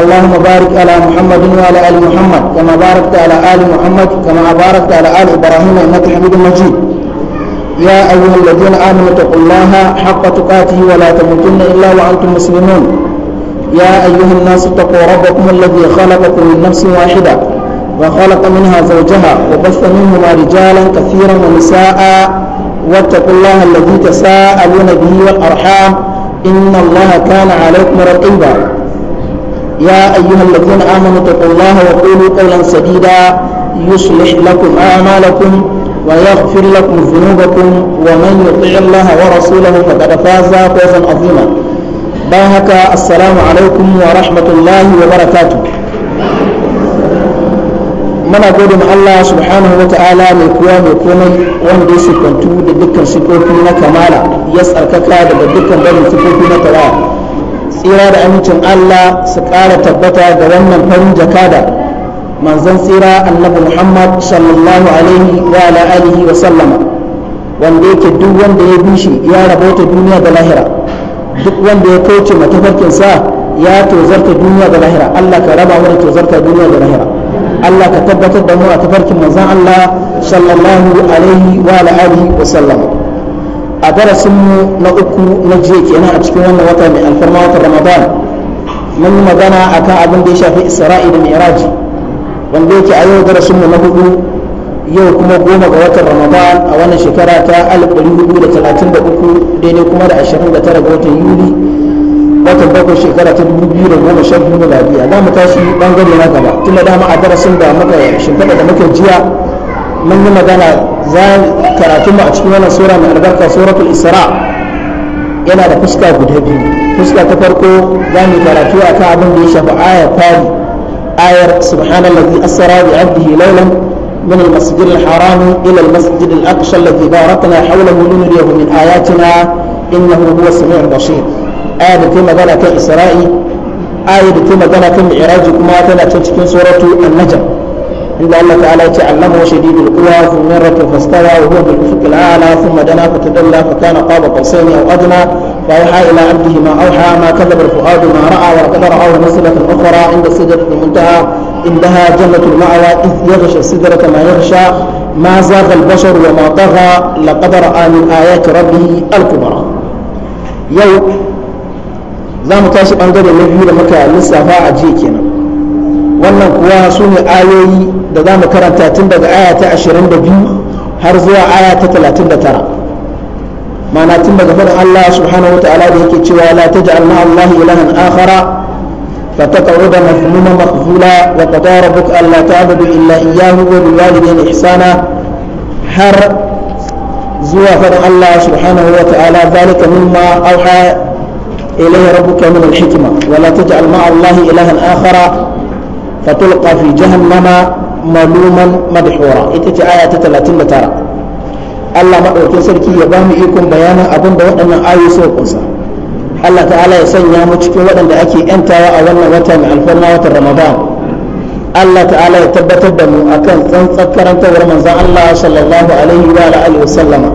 اللهم بارك على محمد وعلى ال محمد كما باركت على ال محمد كما باركت على ال ابراهيم انك حميد مجيد يا ايها الذين امنوا اتقوا الله حق تقاته ولا تموتن الا وانتم مسلمون يا ايها الناس اتقوا ربكم الذي خلقكم من نفس واحده وخلق منها زوجها وبث منهما رجالا كثيرا ونساء واتقوا الله الذي تساءلون به والارحام ان الله كان عليكم رقيبا يا أيها الذين آمنوا اتقوا الله وقولوا قولا سديدا يصلح لكم أعمالكم ويغفر لكم ذنوبكم ومن يطع الله ورسوله فقد فاز فوزا عظيما باهك السلام عليكم ورحمة الله وبركاته muna gode ma Allah subhanahu wa ta'ala mai kowa mai komai wanda ya sifantu da dukkan sifofi na kamala ya tsarkaka daga dukkan barin sifofi na tawaya tsira da amincin Allah su ƙara tabbata da wannan farin jakada manzon tsira annabi Muhammad sallallahu alaihi wa ala alihi wa sallama wanda yake duk wanda ya bi shi ya rabauta duniya da lahira duk wanda ya kauce matafarkin sa ya tozarta duniya da lahira Allah ka raba mana tozarta duniya da lahira Allah ka tabbatar da mu a tafarkin manzon Allah sallallahu alaihi wa ala alihi wa sallama a darasin mu na uku na jiya kenan a cikin wannan wata mai alfarma wata ramadan mun yi magana akan abin da ya shafi isra'i da mi'raji wanda yake a yau darasin mu na hudu yau kuma goma ga watan ramadan a wannan shekara ta 1433 daidai kuma da 29 ga watan yuli watan bakwai shekara ta 2012 miladiya za mu tashi bangare na gaba tun da dama a darasin da muka shimfiɗa da muka jiya mun yi magana za karatun mu a cikin wannan sura mai albarka suratul isra yana da fuska guda biyu fuska ta farko za mu karatu akan abin da ya shafi ayar fari ayar subhanallazi asra bi abdihi laylan من المسجد الحرام إلى المسجد الأقصى الذي باركنا حوله لنريه من آياتنا إنه هو السميع البصير آية كما قالت إسرائيل آية كما قالت معراج كما قالت سورة النجم inda Allah ta'ala ce annahu shadidul quwa fi marratin fastawa wa huwa bil ufuq al a'la thumma dana fatadalla fa kana qaba qawsayn aw adna fa yaha ila abdihi ma awha ma kadhaba al fuadu ma ra'a wa qad ra'ahu nasilatan ukhra inda sidratil muntaha indaha jannatul ma'wa id yaghsha sidrata ma yaghsha ما زاغ البشر وما طغى لقد رأى من آيات ربه الكبرى za mu tashi bangare na biyu da muka lissafa a jiya kenan wannan kuwa su ne ayoyi da za mu karanta tun daga aya ta 22 har zuwa aya ta 39 ma'ana tun daga faɗin Allah subhanahu wata'ala da yake cewa la taj'al ma'a Allah ilahan akhara فتقعد مذموما مخذولا وقضى ربك ألا تعبد إلا إياه وبالوالدين إحسانا حر زوى فر الله سبحانه وتعالى ذلك مما أوحى إليه ربك من الحكمة ولا تجعل مع الله إلها akhara. fatulqa fi jahannama maluman madhura ita ce aya ta 39 Allah madaukin sarki ya ba mu ikon bayanin abin da waɗannan ayoyi suka kunsa Allah ta'ala ya sanya mu cikin waɗanda ake yantawa a wannan wata mai alfarma watan Ramadan Allah ta'ala ya tabbatar da mu akan tsantsar karantarwar manzon Allah sallallahu alaihi wa alihi wa sallama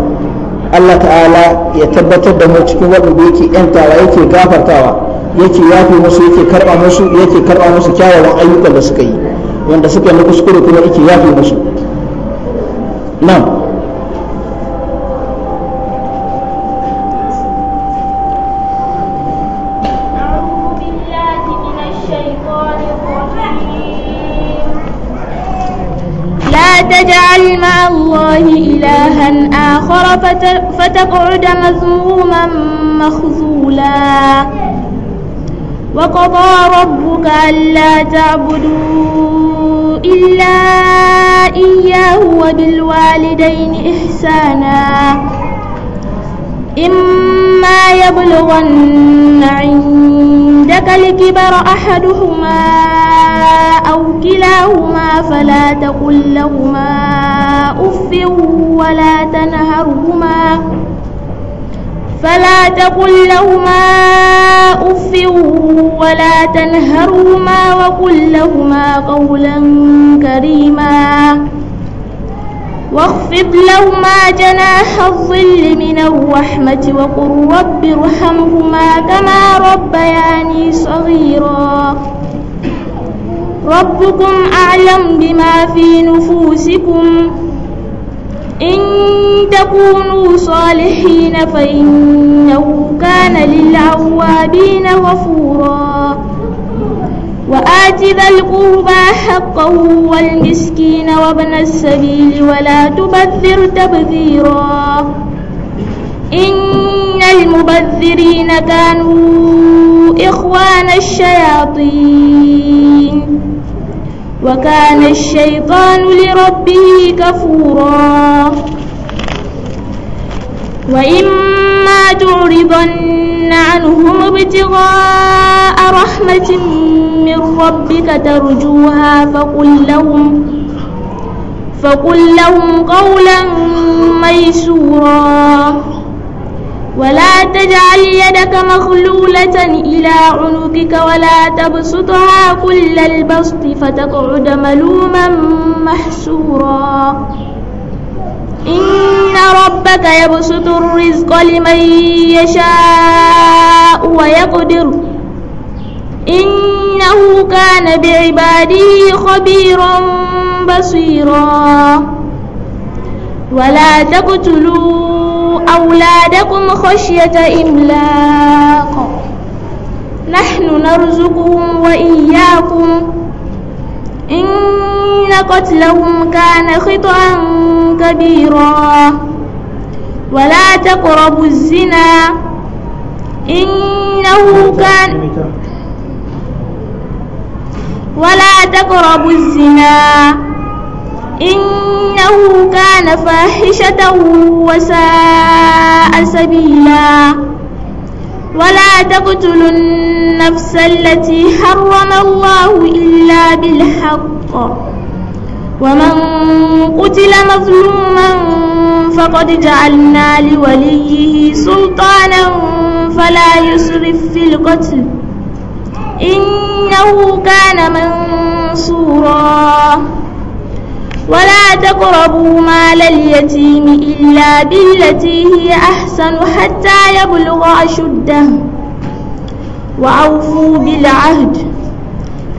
Allah ta'ala ya tabbatar da mu cikin waɗanda yake yantawa yake gafartawa yake yafe musu yake karba musu yake karba musu kyawawan ayyukan da suka yi wanda suka yi kuskure kuma yake yafe musu nan تجعل مع الله إلها آخر فتقعد مذموما مخذولا وقضى ربك ألا تعبدوا إلا إياه وبالوالدين إحسانا إما يبلغن عندك الكبر أحدهما أو كلاهما فلا تقل لهما أف ولا تنهرهما فلا تقل لهما أف ولا تنهرهما وقل لهما قولا كريما واخفض لهما جناح الظل من الرحمة وقل رب ارحمهما كما ربياني صغيرا ربكم أعلم بما في نفوسكم إن تكونوا صالحين فإنه كان للعوابين غفورا وآت ذا القربى حقه والمسكين وابن السبيل ولا تبذر تبذيرا إن المبذرين كانوا إخوان الشياطين وكان الشيطان لربه كفورا وإما تعرضن عنهم ابتغاء رحمة من ربك ترجوها فقل لهم فقل لهم قولا ميسورا ولا تجعل يدك مخلولة إلى عنقك ولا تبسطها كل البسط فتقعد ملوما محسورا إن ربك يبسط الرزق لمن يشاء ويقدر إنه كان بعباده خبيرا بصيرا ولا تقتلون أولادكم خشية إملاق نحن نرزقهم وإياكم إن قتلهم كان خطأ كبيرا ولا تقربوا الزنا إنه كان ولا تقربوا الزنا إنه كان فاحشة وساء سبيلا ولا تقتلوا النفس التي حرم الله إلا بالحق ومن قتل مظلوما فقد جعلنا لوليه سلطانا فلا يسرف في القتل إنه كان منصورا ولا تقربوا مال اليتيم إلا بالتي هي أحسن حتى يبلغ أشده وأوفوا بالعهد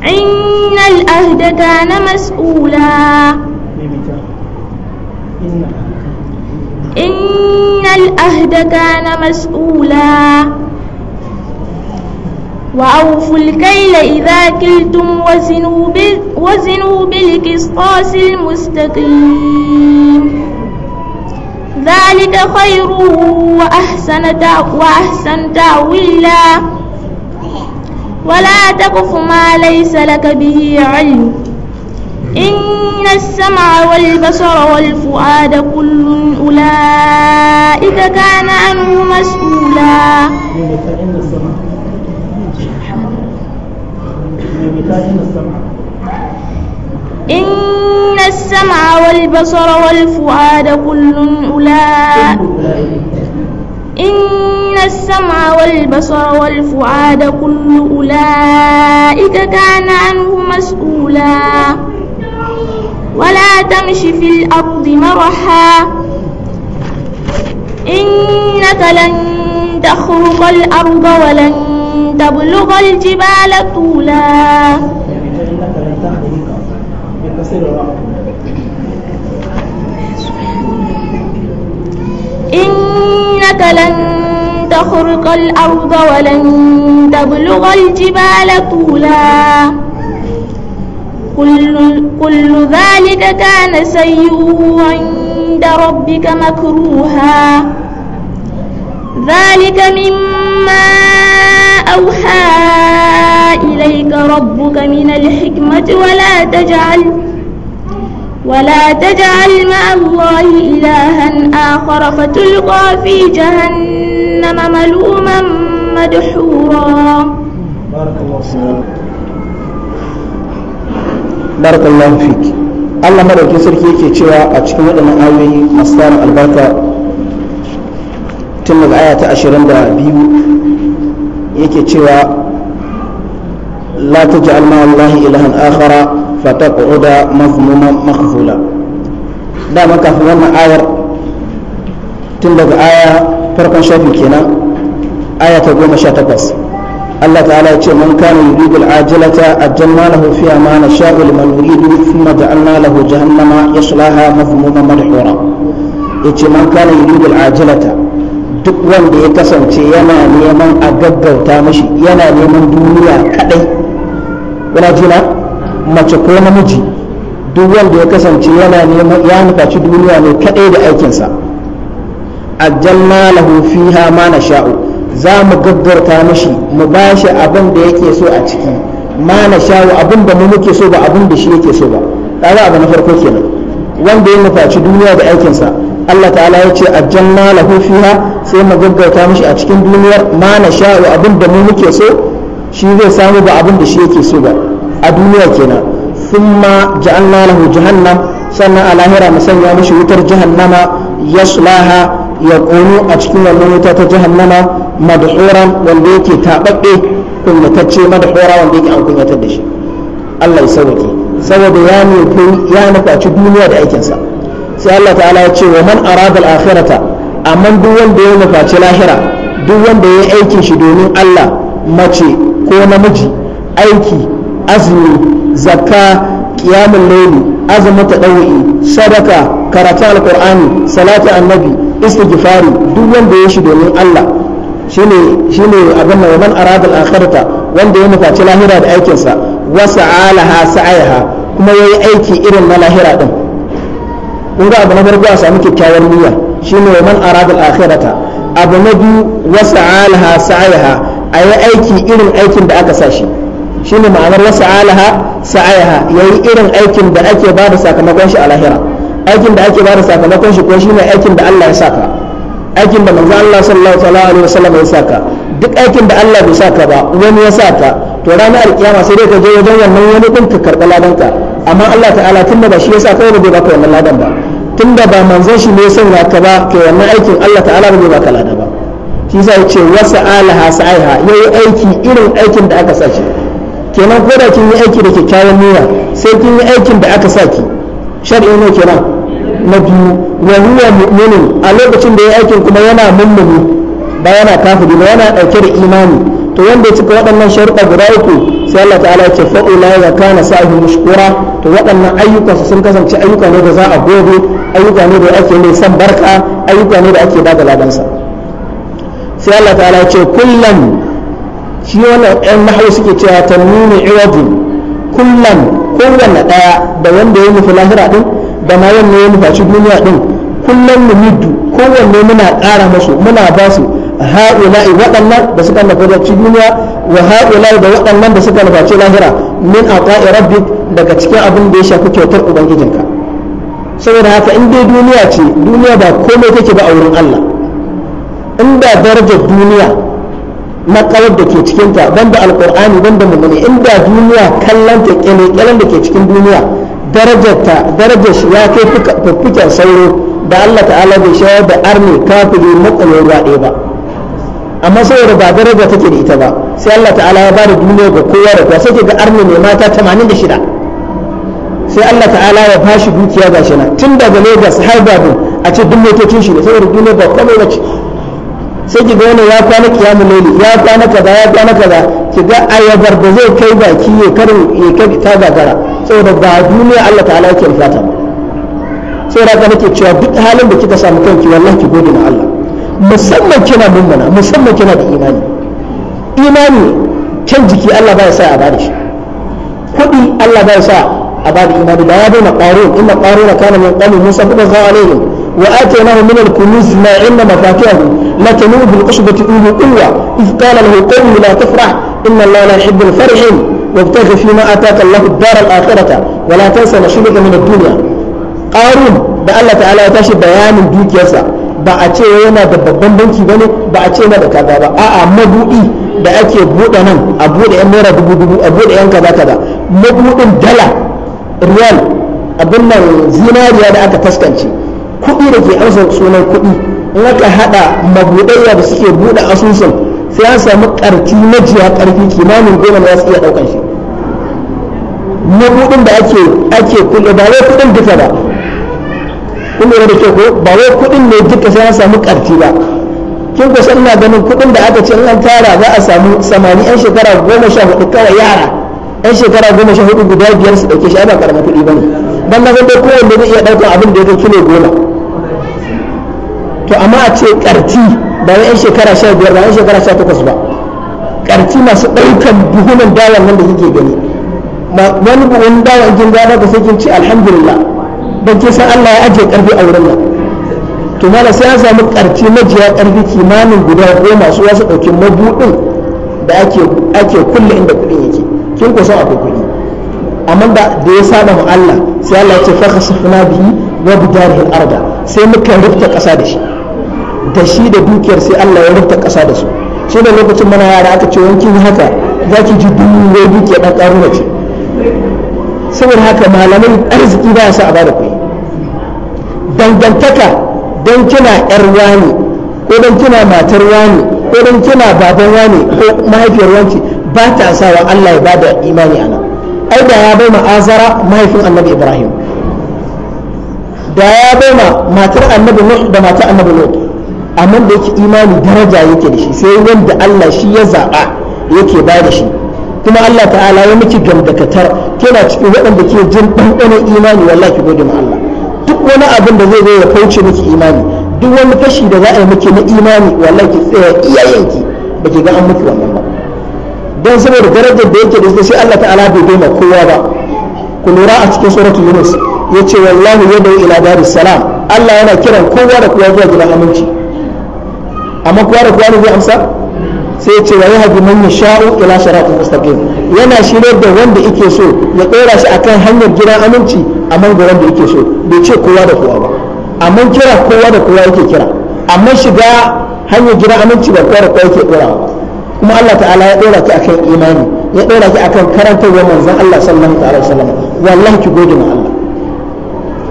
إن العهد كان مسؤولا إن العهد كان مسؤولا وأوفوا الكيل إذا كلتم وزنوا, وزنوا بالقسطاس المستقيم ذلك خير وأحسن, وأحسن تعويلا ولا تقف ما ليس لك به علم إن السمع والبصر والفؤاد كل أولئك كان عنه مسؤولا إن السمع والبصر والفؤاد كل أولئك إن السمع والبصر والفؤاد كل أولئك كان عنه مسؤولا ولا تمش في الأرض مرحا إنك لن تخرق الأرض ولن تبلغ الجبال طولا إنك لن تخرق الأرض ولن تبلغ الجبال طولا كل, كل ذلك كان سيئه عند ربك مكروها ذلك مما أوحى إليك ربك من الحكمة ولا تجعل ولا تجعل مع الله إلها آخر فتلقى في جهنم ملوما مدحورا بارك الله فيك الله فيك Allah madauki sarki yake cewa a cikin waɗannan ayoyi masu albarka tun yake cewa la taj'al ma Allah ilahan akhara fa ta fataq'uda mazmuman makhzula da kafin wannan ayar tun daga aya farkon shafin kenan aya ta goma sha takwas Allah ta'ala ya ce man kana yuridu al-ajilata ajjalna lahu fiha ma nasha'u liman yuridu thumma ja'alna lahu jahannama yaslaha madhmuman madhura yace man kana yuridu al-ajilata duk wanda ya kasance yana neman a gaggauta mashi yana neman duniya kadai kuna jina mace ko namiji duk wanda ya kasance yana neman ya nufaci duniya ne kadai da aikinsa aljanna lahu fiha ma sha'u. za mu gaggauta mashi mu ba shi abin da yake so a ciki ma sha'u. abin da mu muke so ba abin da shi yake so ba kaga abu na farko kenan wanda ya nufaci duniya da aikinsa Allah ta'ala ya ce aljanna lahu fiha sai mu gaggauta mishi a cikin duniyar ma na sha'u abin da mu muke so shi zai samu ba abin da shi yake so ba a duniya kenan thumma ja'alna lahu jahannam sannan a lahira mu sanya mishi wutar jahannama yaslaha ya kunu a cikin wannan wuta ta jahannama madhuran wanda yake tababbe kunyatacce madhura wanda yake an kunyatar da shi Allah ya sauke saboda ya nufi ya nufaci duniya da aikinsa sai Allah ta'ala ya ce wa man arada al-akhirata amma duk wanda ya nufaci lahira duk wanda ya aikin shi domin Allah mace ko namiji aiki azumi zakka qiyamul layli azumi tadawi sadaka karatu alqur'ani salatu annabi istighfari duk wanda ya shi domin Allah shine shine abin da man arada al-akhirata wanda ya nufaci lahira da aikinsa wasa alaha ayaha kuma yayi aiki irin na lahira din kun ga abu na farko a samu kyakkyawar niyya shine wa man arada al-akhirata abu na biyu wasa'alaha sa'ayaha ayi aiki irin aikin da aka sa shi shine ma'anar wasa'alaha sa'ayaha yayi irin aikin da ake ba da sakamakon shi a lahira aikin da ake ba da sakamakon shi ko shine aikin da Allah ya saka aikin da manzo Allah sallallahu alaihi wasallam ya saka duk aikin da Allah bai saka ba wani ya saka to ranar alkiyama sai dai ka je wajen wannan wani din ka karɓi ladanka amma Allah ta'ala tun da ba shi yasa kawai bai baka wannan ladan ba tun da ba manzon shi ne ya sanya ka ba to wannan aikin Allah ta'ala bai baka ladan ba shi yasa yace wasa alaha sa'iha yayi aiki irin aikin da aka saki? kenan ko da kin yi aiki da kyakkyawan niyya sai kin yi aikin da aka saki. shar'i ne kenan na biyu wa huwa mu'minun a lokacin da ya aikin kuma yana mummuni ba yana kafiri ba yana dauke da imani to wanda ya cika waɗannan sharuɗa guda uku sai Allah ta'ala ya ce fa'ula ya kana sahi mushkura to waɗannan ayyuka su sun kasance ayyuka ne da za a gobe ayyuka ne da ake mai san barka ayyuka ne da ake ba da ladansa sai Allah ta'ala ya ce kullum shi wannan ɗan nahawu suke cewa tanmini iwadi kullum kowanne ɗaya da wanda ya nufi lahira ɗin da ma wanda ya fashi duniya ɗin kullum mu muddu kowanne muna ƙara musu muna ba su ha'ula'i waɗannan da suka nufaci duniya wa ha'ula'i da waɗannan da suka nufaci lahira min ata'i rabbi daga cikin abin da ya shafi kyautar ubangijinka saboda haka in dai duniya ce duniya ba komai take ba a wurin Allah in da darajar duniya na kawar da ke cikinta da alkur'ani da mummuni in da duniya kallon ta kyalen da ke cikin duniya ta darajar shi ya kai fuffuken sauro da Allah ta'ala bai shawar da arni kafiri matsalin ruwa ɗaya ba amma saboda gagarar da take da ita ba sai Allah ta'ala ya bada duniya ga kowa da kowa sai ga arni ne mata 86 sai Allah ta'ala ya fashi dukiya ga shi nan tun daga Lagos har Badun a ce duk motocin shi ne da duniya ba komai ba ce sai ki ga wani ya kwana kiyamu leli ya kwana kaza ya kwana kaza ki ga ayabar da zai kai baki ya karin ya kai ta gagara saboda ba duniya Allah ta'ala yake rufata ba saboda haka nake cewa duk halin da kika samu kanki wallahi ki gode ma Allah musamman kina mummuna musamman kina da imani imani can jiki Allah ba ya sa a da shi kuɗi Allah ba ya sa a da imani da ya daina ƙaro inna ƙaro na kana min ƙalin musa kuɗa za a laifin wa ake nahu min al-kunuz ma inna mafatihahu la tanu bil qasbati ulu quwwa iz qala na qawmi la tafrah inna na la yuhibbu al-farihin wabtaghi fima ataka allah ad-dar al-akhirata wa la tansa nasibaka min ad-dunya qarun da Allah ta'ala ya tashi bayanin dukiyarsa ba a ce yana da babban banki bane ba a ce yana da kaza ba a'a mabudi da ake buɗe nan a buɗe yan naira dubu dubu a buɗe yan kaza kaza mabudin dala riyal abin nan zinariya da aka taskance kuɗi da ke amsa sunan kuɗi in aka haɗa mabudaiya da suke buɗe asusun sai an samu ƙarfi majiya ƙarfi kimanin goma za su iya ɗaukan shi mabudin da ake ake kulle ba wai kuɗin duka ba kun lura da ke ko ba wai kuɗin ne duka sai an samu karti ba kin kusa ina ganin kuɗin da aka ce in an tara za a samu samani yan shekara goma sha hudu kawai yara yan shekara goma sha hudu guda biyar su ɗauke shi ba karama kuɗi ba ne ban na dai kowanne zai iya ɗaukar abin da ya kai kilo goma to amma a ce karti ba yan shekara sha biyar ba yan shekara sha takwas ba karti masu ɗaukan buhunan dawan nan da kike gani wani buhun dawan kin gada ka sai kin ce alhamdulillah bakin kin san Allah ya ajiye karfi a wurin nan to mana sai an samu karfi majiya karfi kimanin guda goma su wasu ɗauki mabuɗin da ake ake kulle inda kuɗin yake kin ko san akwai kuɗi amma da da ya sada mu Allah sai Allah ya ce fa khasafna bi wa bidarihi al-arda sai muka rufta ƙasa da shi da shi da dukiyar sai Allah ya rufta ƙasa da su shi da lokacin mana yara aka ce wankin haka za ki ji duniya dukiyar ɗan ƙaruna ce saboda haka malamai arziki ba ya sa a bada kuɗi dangantaka don kina yar wani ko don kina matar wani ko don kina baban wani ko mahaifiyar wanki, ba ta sawa Allah ya bada imani a nan ai da ya bai ma'azara mahaifin annabi ibrahim da ya bai ma matar annabi nuh da matar annabi nuh amma da yake imani daraja yake da shi sai wanda Allah shi ya zaba yake ba da shi kuma Allah ta'ala ya miki gamdakatar kina cikin waɗanda ke jin ɗanɗanon imani wallahi ki gode ma Allah wani abin da zai zo ya kauce miki imani duk wani fashi da za a yi miki na imani wallahi ki tsaya iyayenki ba ki ga an miki wannan ba don saboda darajar da yake da shi Allah ta'ala bai bai kowa ba ku lura a cikin suratul yunus yace wallahi yadda ila daris salam Allah yana kiran kowa da kowa zuwa gidan aminci amma kowa da kowa ne zai amsa sai ce wani yahdi man yasha'u ila sharatu mustaqim yana shirye da wanda yake so ya ɗora shi akan hanyar gidan aminci a mangoron da yake so bai ce kowa da kowa ba amma kira kowa da kowa yake kira amma shiga hanyar gidan aminci ba kowa da kowa yake ɗora kuma Allah ta'ala ya ɗora ki akan imani ya ɗora ki akan karantarwar manzon Allah sallallahu alaihi wasallam wallahi ki gode ma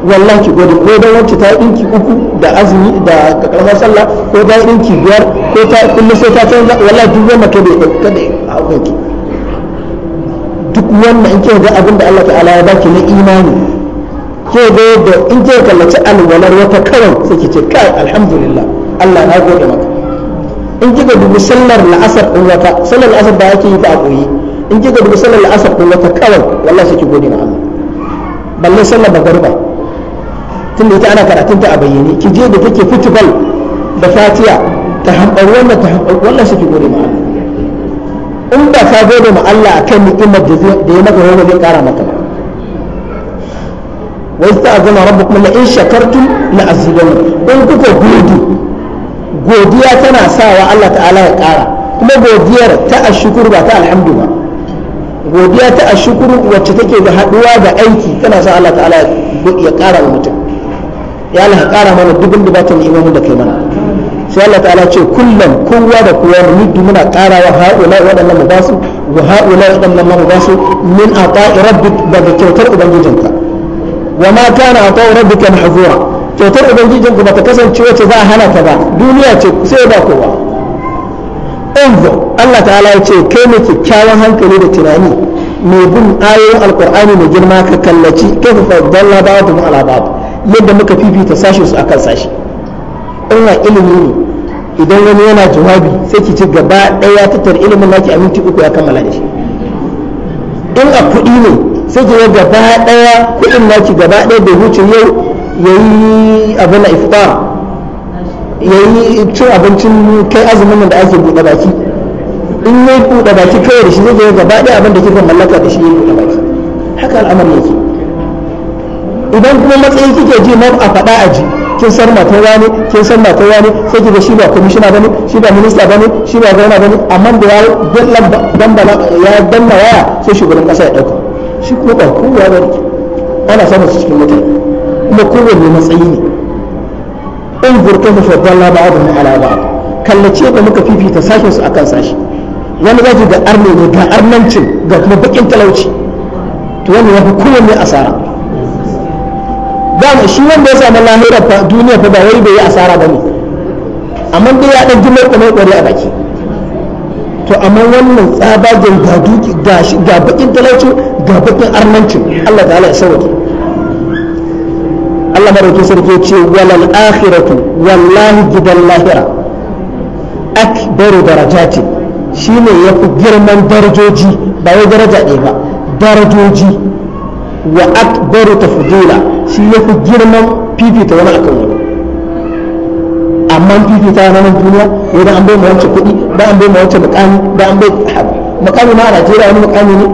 wallan ki gode ko da wacce ta dinki uku da azumi da karamar sallah ko ta dinki biyar ko ta kullu sai ta canza wallahi duk ka kada kada haukan ki duk wannan in kika ga abin da Allah ta'ala ya baki na imani ke ga yadda in kika kallaci alwalar wata karan sai ki ce kai alhamdulillah Allah na gode maka in kika dubi sallar la'asar din wata sallar la'asar da yake yi ta koyi in kika dubi sallar la'asar din wata karan wallahi sai ki gode na Allah balle sallar magariba tunda ita ana karatun ta a bayyane ki je da take futbal da fatiya ta hambar wannan ta hambar wannan shi ki gode ma Allah in ba ka gode ma Allah akan ni'imar da ya maka wani zai kara maka ba wa ista'zana rabbukum la in shakartum la azidannakum in kuka gode godiya tana sawa Allah ta'ala ya kara kuma godiyar ta ashkuru ba ta alhamdu ba godiya ta ashkuru wacce take da haduwa da aiki tana sa Allah ta'ala ya kara wa mutum ya Allah ka kara mana dubin dubatan imamu da kai mana sai Allah ta'ala ce kullum kowa da kowa mu niddu muna kara wa ha'ula waɗannan mu basu wa ha'ula waɗannan mu basu min ata'i rabbik daga kyautar ubangijinka wa ma kana ata'u rabbika mahzura kyautar ubangijinka ba ta kasance wacce za a hana ta ba duniya ce sai ba kowa unzo Allah ta'ala ya ce kai ne kyakkyawan hankali da tunani mai bin ayoyin alkur'ani mai girma ka kallaci kai fa dalla ba'dhum ala ba'd yadda muka fifita sashe su akan sashi ina ilimi ne idan wani yana jawabi sai ki ci gaba daya tattar ilimin naki a minti uku ya kammala da shi in a kuɗi ne sai ki ga gaba daya kuɗin naki gaba daya bai wuce yau yayi abin na iftar yi cin abincin kai azumin da ake buɗe baki in ya buɗe baki kawai da shi zai ga gaba daya abin da kika mallaka da shi ya buɗe baki haka al'amari yake idan kuma matsayin kike ji ma a faɗa a ji kin san matan wani kin san matan wani sai kiga shi ba commissioner bane shi ba minister bane shi ba gwamna bane amma da ya dalla dambala ya danna waya sai shugaban kasa ya dauka shi kuma ba kowa ba ana samun su cikin mutane kuma kowanne matsayi ne in burka fa fadalla ba'dhum ala ba kallace ba muka fifita sashin su akan sashi wani zaki ga arne ne ga arnancin ga kuma bakin talauci to wannan ya fi kowanne asara dama shi wanda ya samu lahira fa duniya fa ba wai bai yi asara ba ne amma dai ya ɗan jimar kamar ɗari a baki to amma wannan tsabagen ga duki ga bakin talaucin ga bakin armancin Allah ta ya sauke Allah madaukin sarki ce walal akhiratu wallahi gidan lahira akbaru darajati shine fi girman darajoji ba wai daraja ɗaya ba darajoji wa akbaru tafdila shi ya fi girman fifita wani akan wani amma fifita na nan duniya eh, da an bai ma wancan kuɗi da an bai ma wancan mukami da an bai mukami ma a Najeriya wani mukami ne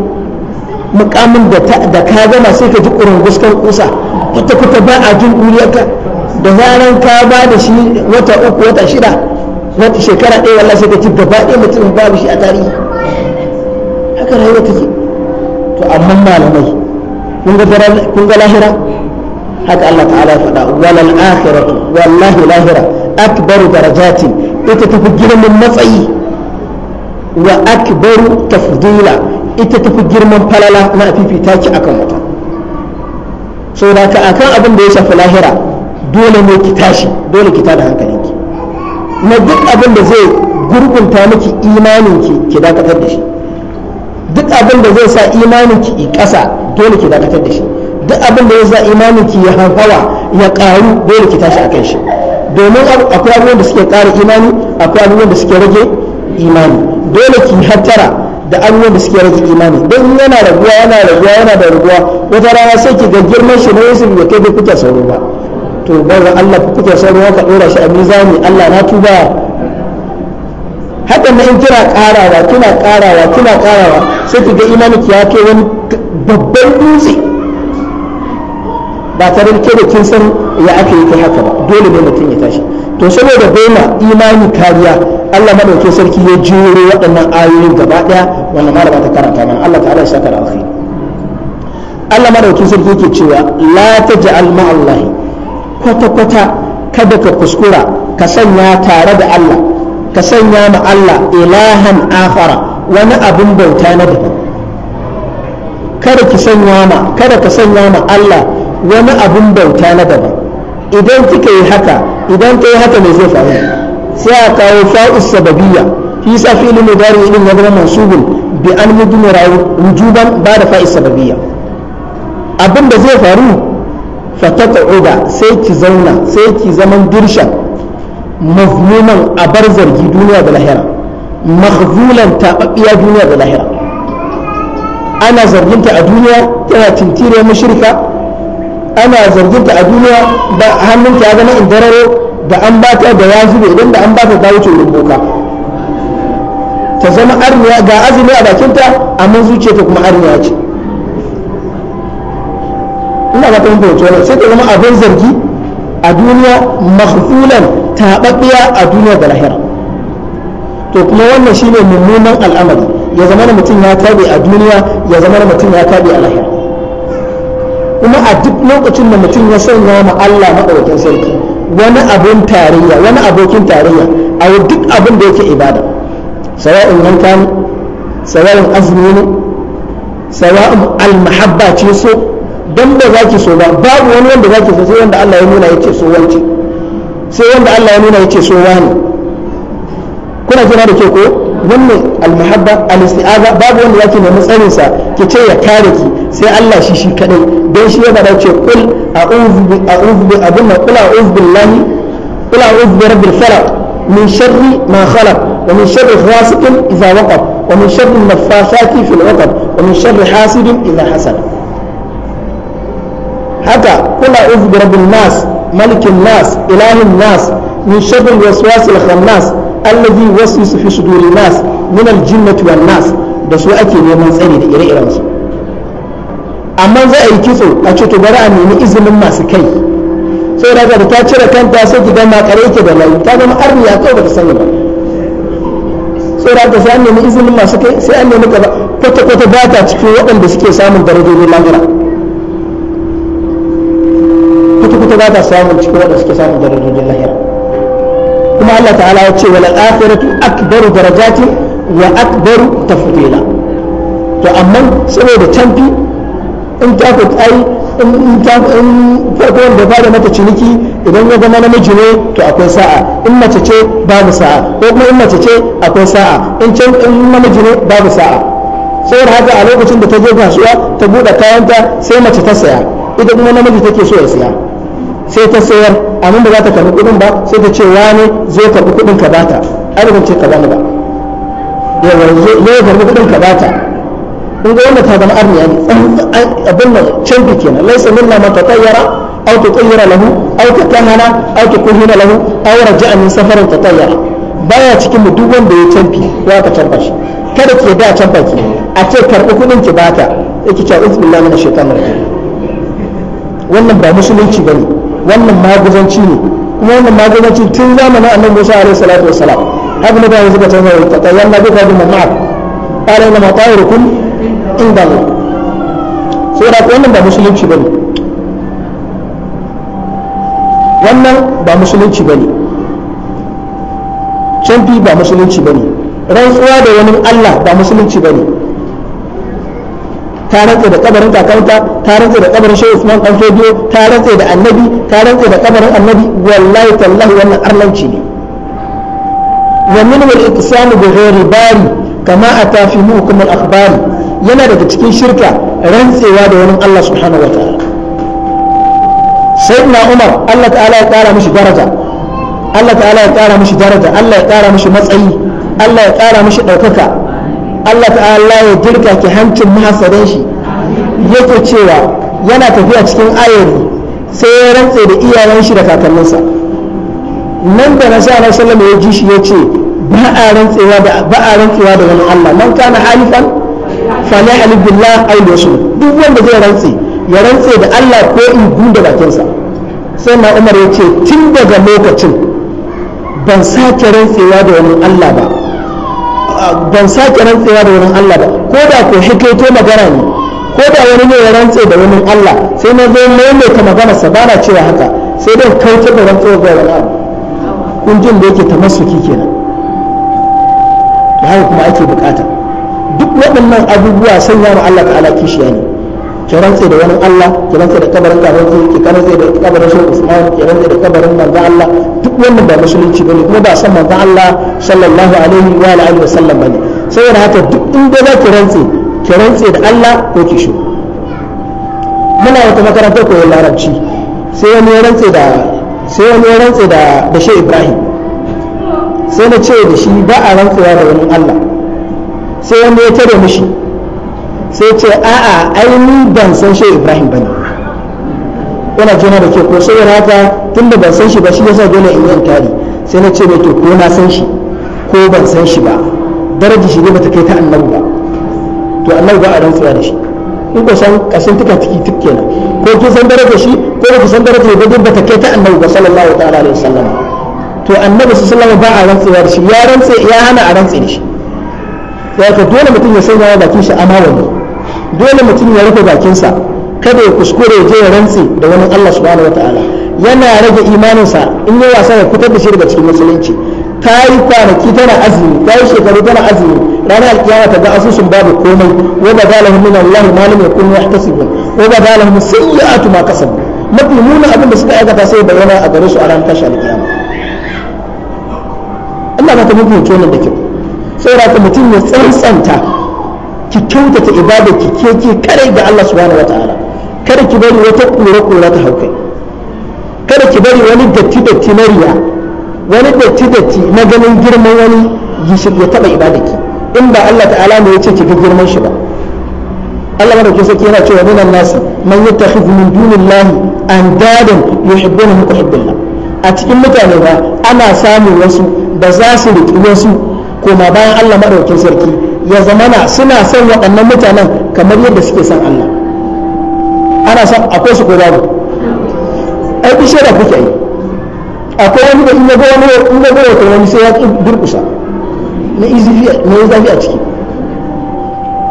mukamin da ka gama sai ka ji ƙurin guskan kusa kuta kuta ba a jin ɗuriyarka da zaran ka ba da shi wata uku wata shida wata shekara ɗaya wallah sai ka ci gaba ɗaya mutum babu shi a tarihi haka rayuwa take to amma malamai kun ga lahira haka Allah ta'ala ya faɗa walal akhiratu wallahi lahira akbaru darajati ita tafi girman matsayi wa akbaru tafdila ita tafi girman falala na fifita ki akan wata so da ka akan abin da ya shafi lahira dole ne ki tashi dole ki tada hankalinki na duk abin da zai gurgunta miki imaninki ki dakatar da shi duk abin da zai sa imaninki ƙasa dole ki dakatar da shi duk abin da ya za imanin ki ya hankawa ya karu dole ki tashi kan shi domin akwai abubuwan da suke ƙara imani akwai abubuwan da suke rage imani dole ki hattara da abubuwan da suke rage imani don yana raguwa yana raguwa yana da raguwa wata rana sai ki ga girman shi na yusuf ya kai da kuka sauro ba to baza Allah kuka sauro ka dora shi a mizani Allah na tuba haka na in kina karawa kina karawa kina karawa sai ki ga imani ki ya kai wani babban dutse ba tare da kai da kin san ya aka yi kai haka ba dole ne mutum ya tashi to saboda baima imani kariya Allah madaukakin sarki ya jero waɗannan ayoyin gaba ɗaya wanda malama ta karanta mana Allah ta ta'ala ya saka da alkhairi Allah madaukakin sarki yake cewa la taj'al ma'allahi kwata kwata kada ka kuskura ka sanya tare da Allah ka sanya ma Allah ilahan akhara wani abin bauta na daban kada ki sanya ma kada ka sanya ma Allah wani abin bauta na daban idan kika yi haka idan ta yi haka ne zai faru sai a kawo fa'us sababiyya fi sa fi'il mudari ilin ya zama mansubun bi an mudmira wujuban ba da fa'is sababiyya abin da zai faru fataqa'uda sai ki zauna sai ki zaman dirshan mazmuman abar zargi duniya da lahira makhzulan tababbiya duniya da lahira ana zarginta a duniya tana tintire mushrika ana zargin ta a duniya ba ta ya na indararo da an ba ta da ya zube idan da an ba ta ta wuce wurin boka ta zama arniya ga azumi a bakinta amma ta kuma arniya ce ina ga ta mun fahimci wannan sai ta zama abin zargi a duniya mahfulan taɓaɓɓiya a duniya da lahira to kuma wannan shine mummunan al'amari ya zama mutum ya tabe a duniya ya zama mutum ya tabe a lahira kuma a duk lokacin da mutum ya sanya ma Allah maɗaukin sarki wani abin tarayya wani abokin tarayya a duk abin da yake ibada sawa'in wanka ne sawa'in azumi ne sawa'in almahabba ce so don ba za ki so ba babu wani wanda za ki so sai wanda Allah ya nuna ya ce so wance sai wanda Allah ya nuna ya ce so wani kuna kina da ke ko wannan almuhabba al-isti'aza babu wanda yake nemi matsayin sa kice ya kare ki sai Allah shi shi kadai dan shi ya bada ce kul a'udhu bi a'udhu bi abunna kula a'udhu billahi kula a'udhu bi rabbil falaq min sharri ma khalaq wa min sharri ghasiqin idha waqab wa min sharri nafathati fil 'uqad wa min sharri hasidin idha hasad haka kul a'udhu bi rabbin nas malikin nas ilahin nas min sharri waswasil khannas allazi wasu fi suduri nas min aljinnati wan nas da su ake neman tsari da ire-iren su amma za a yi kitso a ce to bari a nemi izinin masu kai sai da ta cire kanta sai ki ga makare yake da layi ta zama arniya kawai bata sani ba sai daga sai an nemi izinin masu kai sai an nemi kaza kwata-kwata ba ta cikin waɗanda suke samun darajojin lahira kwata-kwata ba ta samun cikin waɗanda suke samun darajojin lahira kuma Allah ta'ala ya ce wal akhiratu akbaru darajati wa akbaru tafdila to amma saboda canfi in ta ku ai in ta in farko da fara mata ciniki idan ya zama namiji ne to akwai sa'a in mace ce babu sa'a ko kuma in mace ce akwai sa'a in can in namiji ne babu sa'a saboda haka a lokacin da ta je kasuwa ta buɗe kayanta sai mace ta saya ita kuma namiji take so ya saya sai ta sayar amma ba za ta karɓi kuɗin ba sai ta ce wani zai karɓi kuɗin ka bata ai ban ce ka bani ba yawa zai karɓi kuɗin ka bata in ga wanda ta zama arniya ne abin da canfi kenan laisa minna ma tatayyara aw tatayyara lahu aw tatahana aw tukuhina lahu aw raja'a min safarin tatayyara baya cikin mu duk wanda ya canfi ya ka canfa shi kada ki da canfa ki a ce karɓi kuɗin ki bata yake cewa bismillah min shaitanir rajim wannan ba musulunci bane wannan maguzanci ne kuma wannan maguzanci tun zamanin annabi Musa alaihi salatu wassalam haka ne bayan suka canza ta tayyana bi kadu mamad qala inna matairukum inda Allah ko wannan ba musulunci bane wannan ba musulunci bane canfi ba musulunci bane rantsuwa da wani Allah ba musulunci bane ta rantse da kabarin kakanta ta rantse da kabarin shehu usman dan fodiyo ta rantse da annabi ta rantse da kabarin annabi wallahi tallahi wannan arlanci ne wa min wal iqsam bi ghairi bari kama ata fi muhkam al akhbar yana daga cikin shirka rantsewa da wani Allah subhanahu wa ta'ala sayyidina umar Allah ta'ala ya kara mishi daraja Allah ta'ala ya kara mishi daraja Allah ya kara mishi matsayi Allah ya kara mishi daukaka Allah ta'ala ya girka ki hancin mahasarin shi yake cewa yana tafiya cikin ayari sai ya rantse da iyayen shi da kakanninsa nan da na sha Allah sallama ya ji shi ya ce ba a rantsewa da wani Allah man kana halifan fala Ali billah duk wanda zai rantse ya rantse da Allah ko in da bakinsa sai na Umar ya ce tun daga lokacin ban sake rantsewa da wani Allah ba ban sake rantsewa da wurin Allah ba ko da ko hikaito magana ne ko da wani ne ya rantse da wurin Allah sai na zo maimaita magana sa bana cewa haka sai dai kauce da rantsewa ga wani abu kun jin da yake tamassuki kenan da haka kuma ake bukata duk waɗannan abubuwa sanya ma Allah ta'ala kishiya ne ki rantse da wani Allah ki rantse da kabarin kabanki ki rantse da kabarin shi Usman ki rantse da kabarin manzo Allah duk wannan ba musulunci bane kuma ba san manzo Allah sallallahu alaihi wa alihi wa sallam bane da haka duk inda za ki rantse ki rantse da Allah ko ki shi muna wata makarantar koyon larabci sai wani ya rantse da sai wani ya rantse da da shi Ibrahim sai na ce da shi ba a rantsewa da wani Allah sai wanda ya tare mishi sai ce a'a ai ban san shi ibrahim ba ne. ina jina da ke ko sai rata tun da ban san shi ba shi yasa dole in yi tari sai na ce mai to ko na san shi ko ban san shi ba daraji shi ne bata kai ta annabu ba to annabu ba a rantsuwa da shi in ko san kasan tuka tiki tik kenan ko ki san daraja shi ko ki san darajar ba bata kai ta annabu ba sallallahu ta'ala alaihi wasallam to annabi sallallahu ba a rantsuwa da shi ya rantsa ya hana a rantsa da shi ya ka dole mutum ya sanya baki shi ne. dole mutum ya rufe bakinsa kada ya kuskure ya je ya rantse da wani Allah subhanahu wataala yana rage imaninsa in yi wasa ya fitar da shi daga cikin musulunci ta yi kwanaki tana azumi ta yi shekaru tana azumi ranar alkiyama ta ga asusun babu komai wa ba za lahum min Allah ma lam yakun tasibun wa ba za lahum sayyi'atu ma kasab mafi nuna abin da suka aikata sai bayyana a gare su a ranar tashi alkiyama Allah ba ta mutunce wannan da kyau saboda mutum ya tsantsanta ki kyautata ibada ki ke ki kare ga Allah subhanahu wataala kada ki bari wata kura kura ta haukai kada ki bari wani datti datti na riya wani datti datti na ganin girman wani ya taba ibadaki in ba Allah ta'ala ne ya ce ki ga girman shi ba Allah madaukin sarki yana cewa minan nasi man yattakhidhu min dunillahi andadan yuhibbunahum ka hubbillah a cikin mutane ba ana samun wasu ba za su riƙi wasu koma bayan Allah madaukin sarki ya zamana suna son waɗannan mutanen kamar yadda suke son Allah ana son akwai su ko babu ai ku shaida kuke yi akwai wani da in ya gowa in ya gowa ta wani sai ya durkusa na izifi na izafi a ciki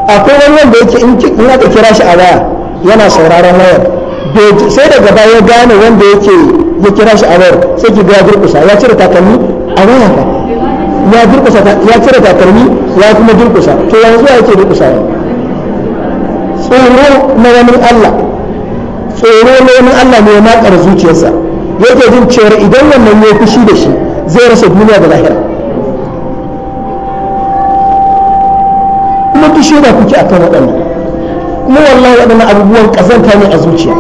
akwai wani wanda yake in aka kira shi a waya yana sauraron waya sai daga baya ya gane wanda yake ya kira shi a wayar sai ki ga durkusa ya cire takalmi a waya ka ya durkusa ya cire takalmi ya kuma durkusa to yanzu ya ce durkusa ne tsoro na wani Allah tsoro na wani Allah ne ya makar zuciyarsa yake jin cewa idan wannan ya fushi da shi zai rasa duniya da lahira kuma ki shaida kuke akan waɗannan kuma wallahi waɗannan abubuwan kazanta ne a zuciya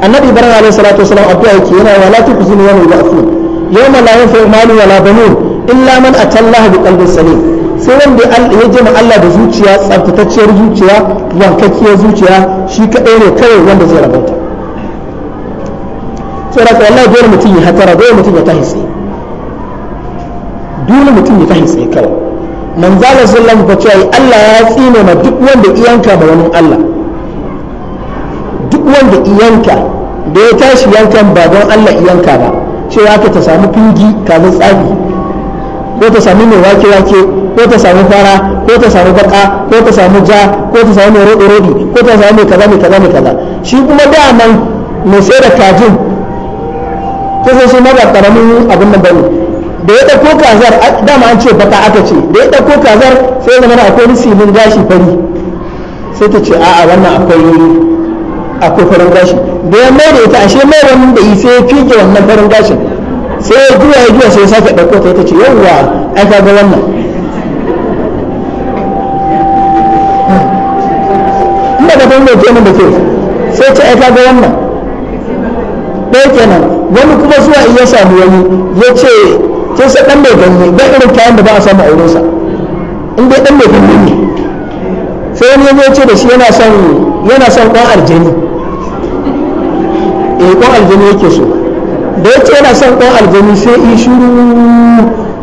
annabi ibrahim alaihi salatu wasalam addu'a yake yana wala tukhzini yawma yub'athun yawma la yanfa'u malu wala banun illa man atallaha bi qalbin salim sai wanda ya jima Allah da zuciya tsaftatacciyar zuciya wankakkiyar zuciya shi kadai ne kawai wanda zai rabauta saboda ka ya dole mutum ya hatara dole mutum ya tahi sai dole mutum ya tahi sai kawai manzala sallallahu alaihi yi Allah ya tsine ma duk wanda iyanka ba wani Allah duk wanda iyanka da ya tashi yankan ba don Allah iyanka ba cewa ka ta samu fingi kamin tsabi ko ta sami mai wake wake ko ta sami fara ko ta sami baka ko ta sami ja ko ta sami mai roɗe roɗe ko ta sami mai kaza mai kaza mai kaza shi kuma daman mai sai da kajin ta sai shi maza karamin abin nan bane da ya ɗauko kazar dama an ce baka aka ce da ya ɗauko kazar sai zama zama akwai silin gashi fari sai ta ce a'a wannan akwai akwai farin gashi da ya mai da ita ashe mai wani da sai ya fige wannan farin gashin sai ya juya ya juya sai ya sake ɗauko ta ce yawwa ai ka ga wannan ina da ban ke mun da ke sai ce ai ka ga wannan ɗaya kenan wani kuma zuwa iya samu wani ya ce kin sa ɗan mai ganye ba irin kayan da ba a samu aurensa in dai ɗan mai ganye ne sai wani ya ce da shi yana son yana son ƙwan aljani eh ƙwan aljani yake so da ya ce yana son ɗan aljanu sai in shuru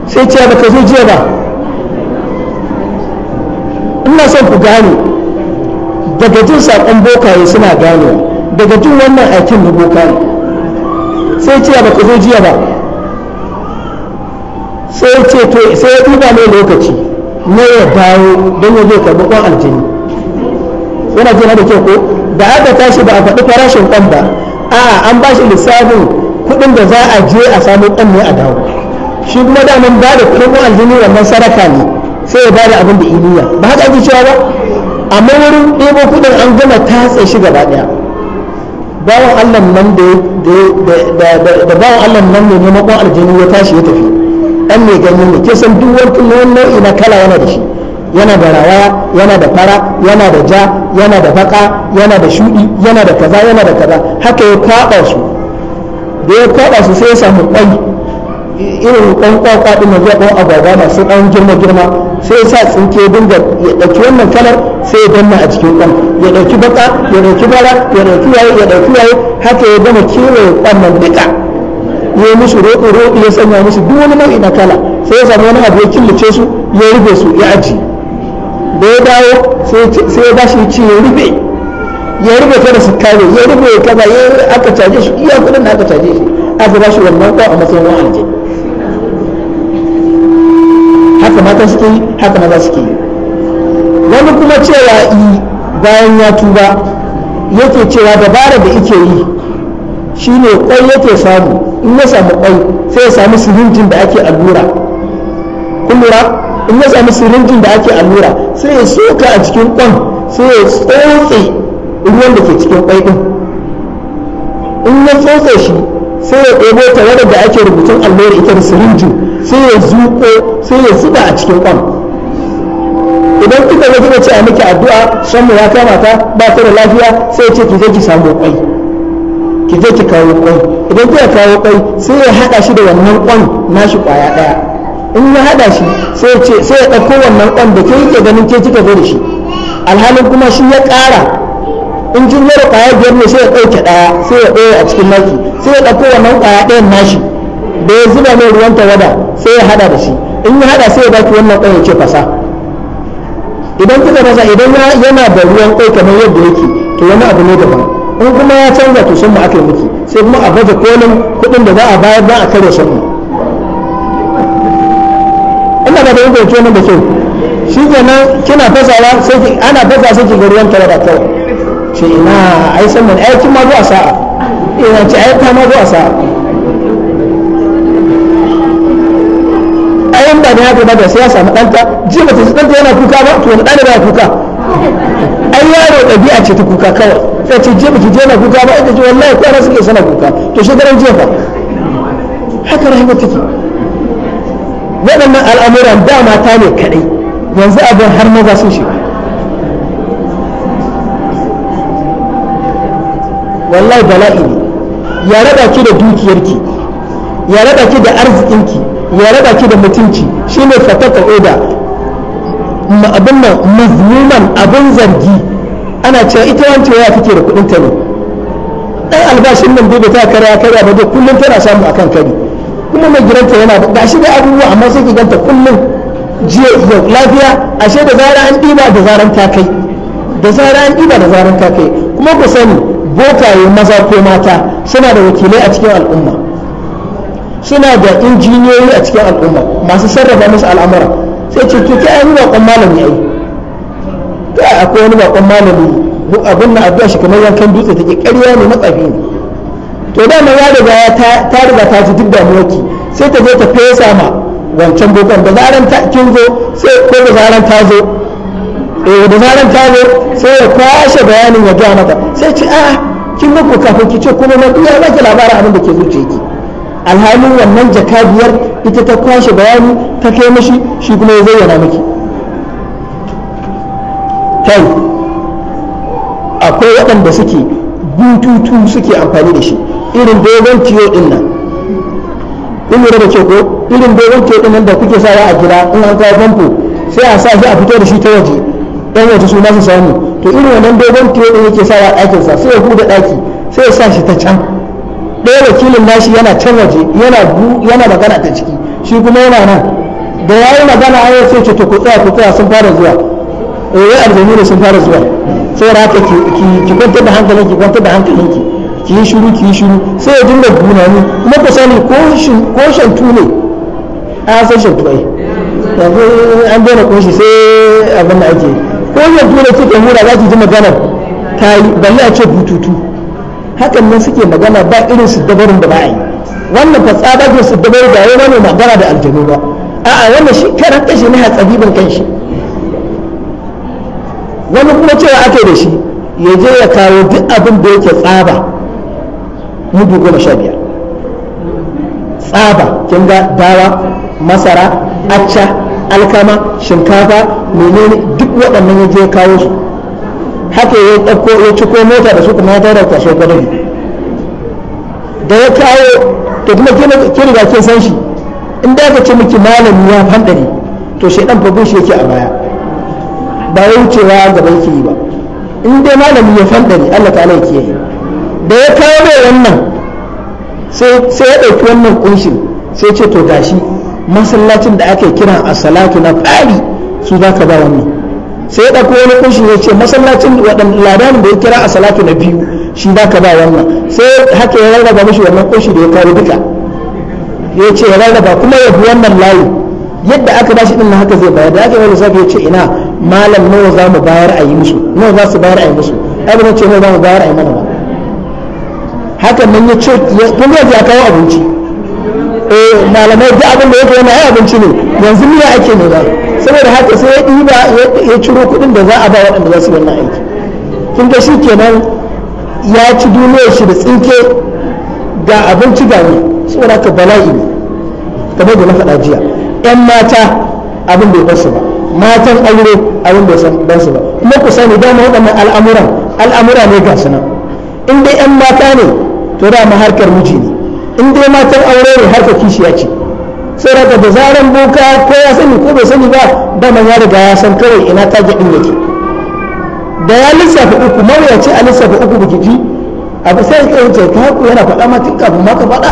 sai ce ba ta zai je ba ina son ku gane daga jin saƙon bokaye suna gane daga jin wannan aikin na bokaye sai ce ba ta zai je ba sai ce to sai ya duba mai lokaci na ya dawo don ya zai karɓi ɗan aljini yana jina da kyau ko da aka tashi ba a faɗi farashin ƙwan ba a an ba shi lissafin kudin da za a je a samu ɗan ne a dawo shi kuma nan ba da kuma aljini wannan saraka ne sai ya bada abin da iniya ba haka ake cewa ba amma wurin ɗebo kuɗin an gama tatse shi gaba daya, bawan allah nan da bawan allah nan ne maimakon aljini ya tashi ya tafi ɗan ne ganin ne ke san duk wani nau'i na kala yana da shi yana da rawa yana da fara yana da ja yana da baka yana da shudi yana da kaza yana da kaza haka ya kwaba su da ya kwaɓa su sai ya samu kwai irin kwan kwakwa din da zai agwagwa masu ɗan girma girma sai ya sa tsinke dinga ya ɗauki wannan kalar sai ya danna a cikin kwan ya ɗauki baka ya ɗauki bara ya ɗauki yayi ya ɗauki yayi haka ya gama ya kwan nan duka ya yi musu roɗo roɗo ya sanya musu duk wani nau'i na kala sai ya samu wani abu ya killace su ya rufe su ya aji da ya dawo sai ya ba shi ci ya rufe ya rubuta da sukari ya rubuta kaza ya aka caje shi iya kudin da aka caje shi aka ba shi wannan ko a matsayin wani aljanna haka mata suke yi haka maza suke yi wani kuma cewa yi bayan ya tuba yake cewa dabara da ike yi shine kwai yake samu in ya samu kwai sai ya samu sirinjin da ake allura kun in ya samu sirinjin da ake allura sai ya soka a cikin kwan sai ya tsotse ruwan da ke cikin kwai din in ya tsotsa shi sai ya ɗebo tare da ake rubutun allon ita da sirinji sai ya zuko sai ya zuba a cikin kwan idan kika ga kika ce a miki addu'a shanmu ya kama ta ba ta da lafiya sai ce ki je ki samu kwai ki je ki kawo kwai idan kika kawo kwai sai ya haɗa shi da wannan kwan nashi kwaya ɗaya in ya haɗa shi sai ya ce sai ya ɗauko wannan kwan da ke yake ganin ke kika zo da shi alhalin kuma shi ya ƙara in mara kwaya biyar ne sai ya ɗauke ɗaya sai ya ɗaya a cikin naki sai ya ɗauko wannan kwaya ɗayan nashi da ya zuba mai ruwan tawada sai ya hada da shi in ya hada sai ya baki wannan ɗaya ce fasa idan kika fasa idan yana da ruwan ɗaya kamar yadda yake to wani abu ne daban in kuma ya canza to sun mu aka miki sai kuma a baje kolin kuɗin da za a bayar za a karya sun mu ina ba da yin da kyau shi kenan kina fasawa sai ana fasa sai ki ga ruwan tawada kawai ce ina ai san mun aikin ma zuwa sa'a ina ce ai ta ma zuwa sa'a ai ba da haka ba da sai ya samu danta ji ba ta ji danta yana kuka ba to dana ba kuka ai yaro ɗabi'a ce ta kuka kawai ta ce ji ba ki je na kuka ba ita ce wallahi kwana suke sana kuka to shekaran jiya ba haka rayuwar take waɗannan al'amuran dama ta ne kaɗai yanzu abin har maza sun shiga wallahi bala'i ne ya raba ki da dukiyarki ya raba ki da arzikinki ya raba ki da mutunci shi ne fatata oda ma abin nan mazmuman abin zargi ana cewa ita wance ya take da kudin ta ne dan albashin nan bai ta karya karya ba da kullum tana samu akan kari kuma mai gidanta yana da gashi da abubuwa amma sai ki ganta kullum jiya yau lafiya ashe da zara an diba da zaran ta kai da zara an diba da zaran ta kai kuma ku sani bokaye maza ko mata suna da wakilai a cikin al'umma suna da injiniyoyi a cikin al'umma masu sarrafa musu al'amura sai ce to kai bakon malami ai kai akwai wani bakon malami abin na addu'a shi kamar yankan dutse take ƙarya ne matsafi ne to da ma ya riga ta riga ta ji duk damuwarki sai ta je ta fesa ma wancan bokon da zaran ta kin zo sai ko da zaran ta zo eh da zaran ta zo sai ya kwashe bayanin ya gaya mata sai ce a ah, kin muku kafin ki ce kuma na iya maki labarin abin da ke ki. alhalin wannan jaka biyar ita ta kwashe bayani ta kai mashi shi kuma ya zayyana miki kai akwai waɗanda suke bututu suke amfani da shi irin dogon tiyo din nan in lura da ce ko irin dogon tiyo din nan da kuke sawa a gida in an kawo famfo sai a sa shi a fito da shi ta waje yan waje su su samu to irin wannan dogon tiyo da yake sa a ɗakin sa sai ya huda ɗaki sai ya sa shi ta can ɗaya wakilin nashi yana can waje yana magana ta ciki shi kuma yana nan da yayi magana ayo sai ce to ku tsaya ku tsaya sun fara zuwa eh arzumi ne sun fara zuwa sai raka ki ki kwantar da hankalin ki kwantar da hankalin ki ki yi shiru ki yi shiru sai ya dinga ne. kuma ku sani ko shi ko shan tune a san shan tuwai yanzu an daina koshi sai abin da ake yi ko dole ce suke hura za su ji magana ta yi balle a ce bututu hakan nan suke magana ba irin su dabarun da ba a yi wannan fa tsabagen su dabarun ba yawon wani magana da aljanu ba a'a wannan shi karar kashi ne hatsabibin kanshi wani kuma cewa ake da shi ya je ya kawo duk abin da yake tsaba mudu goma sha biyar tsaba kin ga dawa masara acca alkama shinkafa menene duk waɗannan ya je kawo su haka ya ɗauko ya ko mota da su kuma ya tara ta shekara da ya kawo to kuma ke riga kin san shi in da ka ce miki malami ya ne to ɗan fagun shi yake a baya ba ya wucewa gaba yake yi ba in dai malami ya ne Allah ta'ala yake yi da ya kawo mai wannan sai ya ɗauki wannan kunshin sai ce to gashi masallacin da ake kira a salatu na fari su za ka ba wannan sai da wani kunshi ya ce masallacin waɗanda ladanin da ya kira a salatu na biyu shi za ka ba wannan sai haka ya rarraba mashi wannan kunshi da ya kawo duka ya ce ya rarraba kuma ya bi wannan layi yadda aka ba shi ɗin na haka zai bayar da aka yi lissafi ya ce ina malam nawa za mu bayar a yi musu nawa za su bayar a yi musu ai ba ce nawa za mu bayar a yi mana ba hakan nan ya ce kun ya kawo abinci Eh, malamai duk abin da yake yana ya abinci ne yanzu miya ake ne ba saboda haka sai ya ɗiba ya ciro kuɗin da za a ba waɗanda za su wannan aiki kin ga shi kenan ya ci duniyar shi da tsinke ga abinci ga ne saboda haka bala'i ne kamar da na faɗa jiya 'yan mata abin da ya basu ba matan aure abin da ya basu ba kuma ku sani dama waɗannan al'amuran al'amura ne ga su nan in dai 'yan mata ne to da harkar miji ne in dai matan aure ne har ka kishiya ce sai daga da zaren boka ko ya sani ko bai sani ba man ya riga ya san kawai ina ta gyaɗin yake da ya lissafa uku ce a lissafa uku buki ji abu sai ya wuce ta haku yana faɗa ma tun kafin maka ka faɗa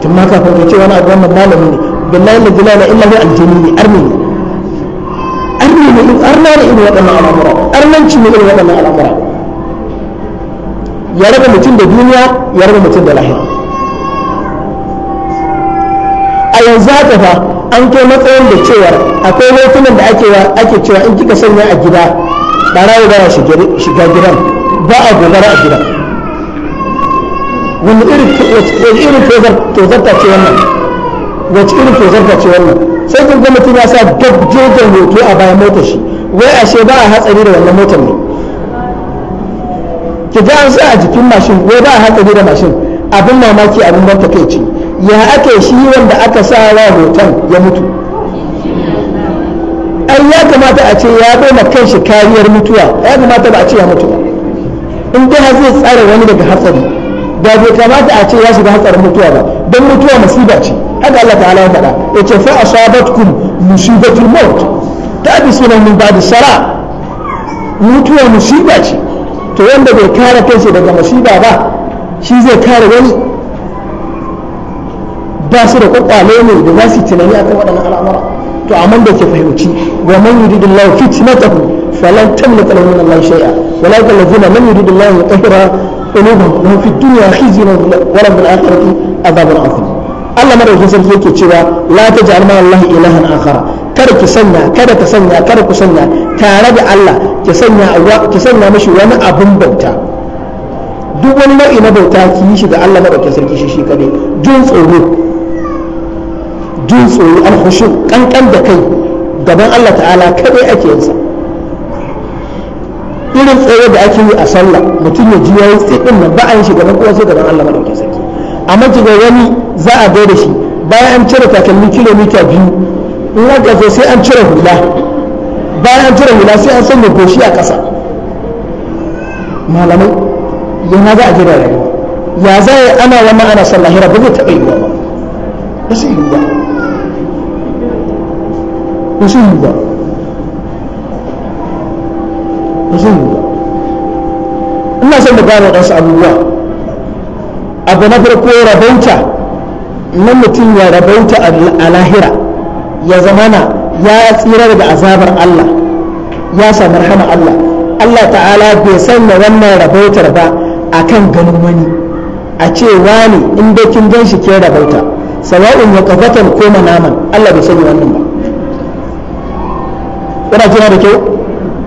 tun ma kafin ka ce wani abu wannan malami ne billahi la jilala illa hu aljini ne arni ne arni ne in arna ne irin waɗannan al'amura arnanci ne irin waɗannan al'amura ya raba mutum da duniya ya raba mutum da lahira yanzu zaka fa an kai matsayin da cewa akwai hotunan da ake ake cewa in kika sanya a gida barawo ba shiga gidan ba a gobara a gida wani irin ta ce wannan wace irin ta ce wannan sai kun ga ya sa gabjogon hoto a bayan motar shi wai ashe ba a hatsari da wannan motar ne ki ga an sa a jikin mashin wai ba a hatsari da mashin abin mamaki abin ban takaici ya ake shi wanda aka sa wa hoton ya mutu ai ya kamata a ce ya bai kan shi kariyar mutuwa ya kamata ba a ce ya mutu ba in dai zai tsare wani daga hatsari da bai kamata a ce ya shiga hatsarin mutuwa ba don mutuwa masiba ce haka Allah ta'ala ya faɗa ya ce fa asabatkum musibatul maut ta bi sunan min ba da shara mutuwa musiba ce to wanda bai kare kansa daga masiba ba shi zai kare wani ba su da kwakwale ne da za su tunani akan waɗannan al'amura to amma da ke fahimci wa man yuridillahu fitnatahu falan tamlika lahu min Allah shay'a walakin allazina man yuridillahu yutahhira qulubahum lahum fid dunya khizyun wa lahum fil akhirati adhabun azim Allah madaukakin sarki yake cewa la taj'al ma Allah ilahan akhara kada ki sanya kada ka sanya kada ku sanya tare da Allah ki sanya ki sanya mishi wani abun bauta duk wani nau'i na bauta ki yi shi ga Allah madaukakin sarki shi shi kadai jin tsoro tsoro alhushu kankan da kai gaban Allah ta'ala kadai ake yansa irin tsoro da ake yi a sallah mutum ya ji ya yi tsirin nan ba a yi shi gaban kowa sai gaban Allah madaukin sarki amma kiga wani za a da shi bayan an cire takalmi kilomita biyu in aka zo sai an cire hula bayan an cire hula sai an sanya goshi a ƙasa malamai yana za a je da rayuwa ya za a yi ana wannan ana sallah hira ba zai taɓa yi ba. yi yi ina son da gane ɗansu abubuwa abu na farko rabauta na mutum ya rabauta a lahira ya zamana ya tsira daga azabar Allah ya samar hana Allah Allah ta'ala bai sanya wannan rabautar ba a kan ganin wani a cewa ne in kin gan shi ke rabauta sawa'un ya kabatan ko manaman Allah bai sanya wannan ba Yana jira da kyau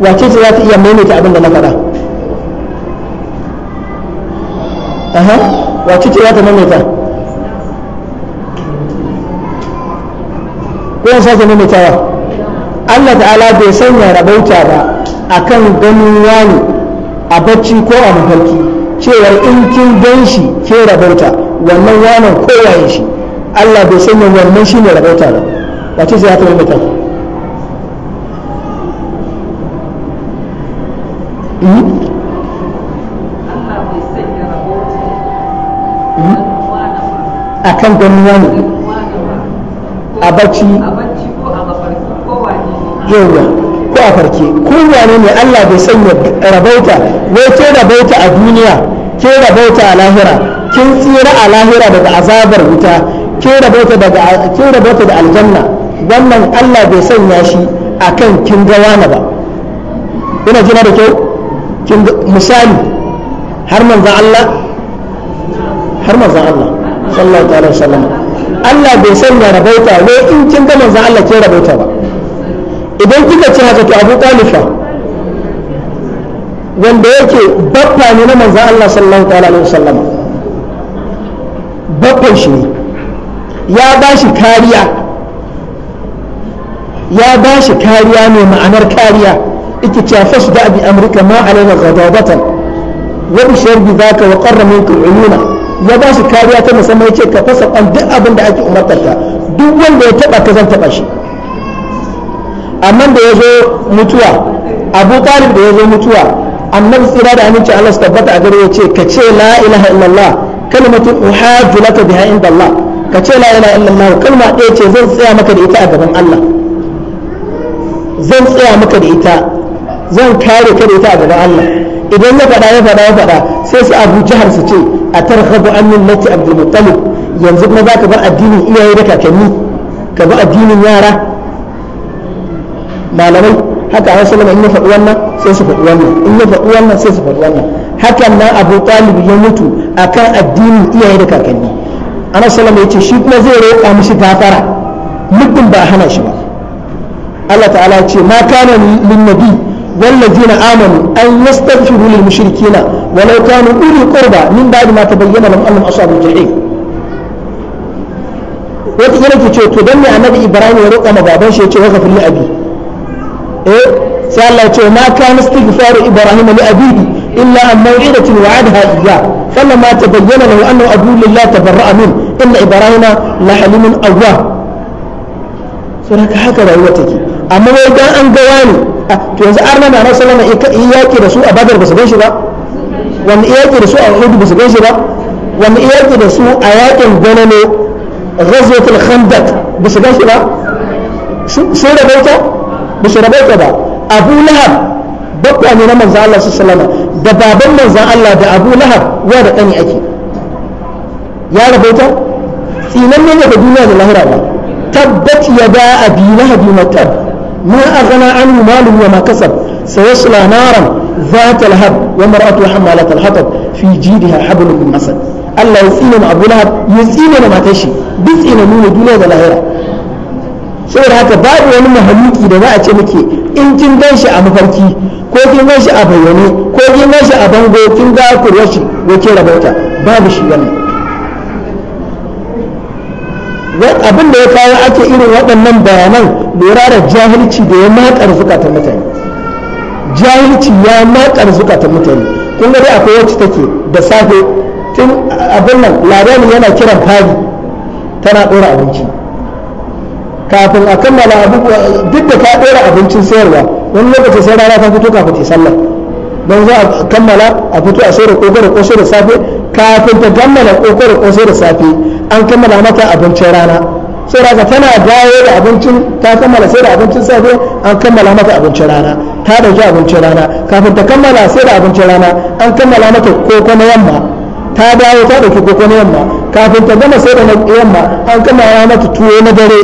wace ce za ta iya maimaita abin da na faɗa aha wace ce za ta maimaita ko ya sake maimaitawa Allah ta'ala bai sanya rabauta ba a kan ganin wani a bacci ko a mafarki cewar in kin gan shi ke rabauta wannan wanan kowaye shi Allah bai sanya wannan shi ne rabauta ba wace ce za ta maimaita kan ya ne a bacci yawa ko a farke wane ne Allah bai sanya rabauta wai ke rabauta a duniya ke rabauta a lahira kin tsira a lahira daga azabar wuta ke rabauta daga ke rabauta da aljanna wannan Allah bai sanya shi akan kin ga wani ba ina jina da kyau misali har manzan Allah har manzan Allah sallallahu alaihi wasallam Allah bai sanya rabauta ne in kin ga manzon Allah ke rabauta ba idan kika ci haka to Abu Talib wanda yake baffa ne na manzon Allah sallallahu alaihi wasallam baffan shi ne ya ba shi kariya ya ba shi kariya ne ma'anar kariya ike cewa fasu da abi amurka ma alaina gadadatan wa bishar bi zaka wa qarra minkum uluna ya ba shi kariya ta musamman ya ce ka fasa kwan duk abin da ake umartarka duk wanda ya taba ka zan taba shi amma da ya zo mutuwa abu talib da ya zo mutuwa annabi tsira da aminci allah su tabbata a gare ya ce ka ce la ilaha illallah kalmatun uhajju laka biha inda allah ka ce la ilaha illallah kalma ɗaya ce zan tsaya maka da ita a gaban allah zan tsaya maka da ita zan kare ka da ita a gaban allah idan ya faɗa ya faɗa ya faɗa sai su abu jihar su ce a tarhabu an min lati abdulmuttalib yanzu kuma za ka bar addinin iyaye da kakanni ka bar addinin yara malamai haka an sallama in ya faɗi wannan sai su faɗi wannan in ya faɗi wannan sai su faɗi wannan hakan nan abu talib ya mutu akan addinin iyaye da kakanni an sallama ya ce shi kuma zai roƙa mishi gafara muddin ba a hana shi ba Allah ta'ala ce ma kana lin nabi والذين آمنوا أن يستغفروا للمشركين ولو كانوا أولي قربى من بعد ما تبين لهم أنهم أصحاب الجحيم wata kira ke ce to dan ne annabi ibrahim ya roƙa baban shi ya ce waka fili abi eh sai Allah ya ce ma kana istighfaru ibrahim li abihi illa an maw'idatin wa'adaha iyya falamma tabayyana lahu annahu abu tabarra'a min inna ibrahim la halimun awwa sai haka rayuwa take amma wai dan an ga wani to yanzu arna na salama lama iyaki da su a badar ba su gan shi ba wani iyaki da su a hudu ba su gan shi ba wani iyaki da su a yakin ganano ghazwatul khandaq ba su gan shi ba su rabauta ba su rabauta ba abu lahab bakwa ne na manzan Allah su salama da baban manzan Allah da abu lahab wa da ɗani ake ya rabauta tsinan ne daga duniya da lahira ba tabbat ya da abi lahabi matab ما أغنى عنه ماله وما كسب سيصلى نارا ذات لهب وامرأته حمالة الحطب في جيدها حبل من مسد الله يسئلنا أبو لهب يسئلنا ما تشي بسئلنا من الدنيا والآخرة saboda haka babu wani mahaluki da za a ce muke in kin gan a mafarki ko kin gan shi a bayyane ko kin gan shi a bango kin ga kurwashi babu shi wannan abin da ya kawo ake irin waɗannan bayanan lura da jahilci da ya makar zukatan mutane jahilci ya makar zukatan mutane kun ga dai akwai wacce take da safe tun abin nan labarin yana kiran fari tana ɗora abinci kafin a kammala duk da ka ɗora abincin sayarwa wani lokaci sai rana ta fito kafin ta sallah don za a kammala a fito a sayar da kokoro da sai da safe kafin ta kammala kokoro da sai da safe an kammala mata abincin rana Sai saboda tana dawo da abincin ta kammala sai da abincin safe an kammala mata abincin rana ta dauki abincin rana kafin ta kammala sai da abincin rana an kammala mata koko na yamma ta dawo ta dauki koko na yamma kafin ta gama sai da na yamma an kammala mata tuwo na dare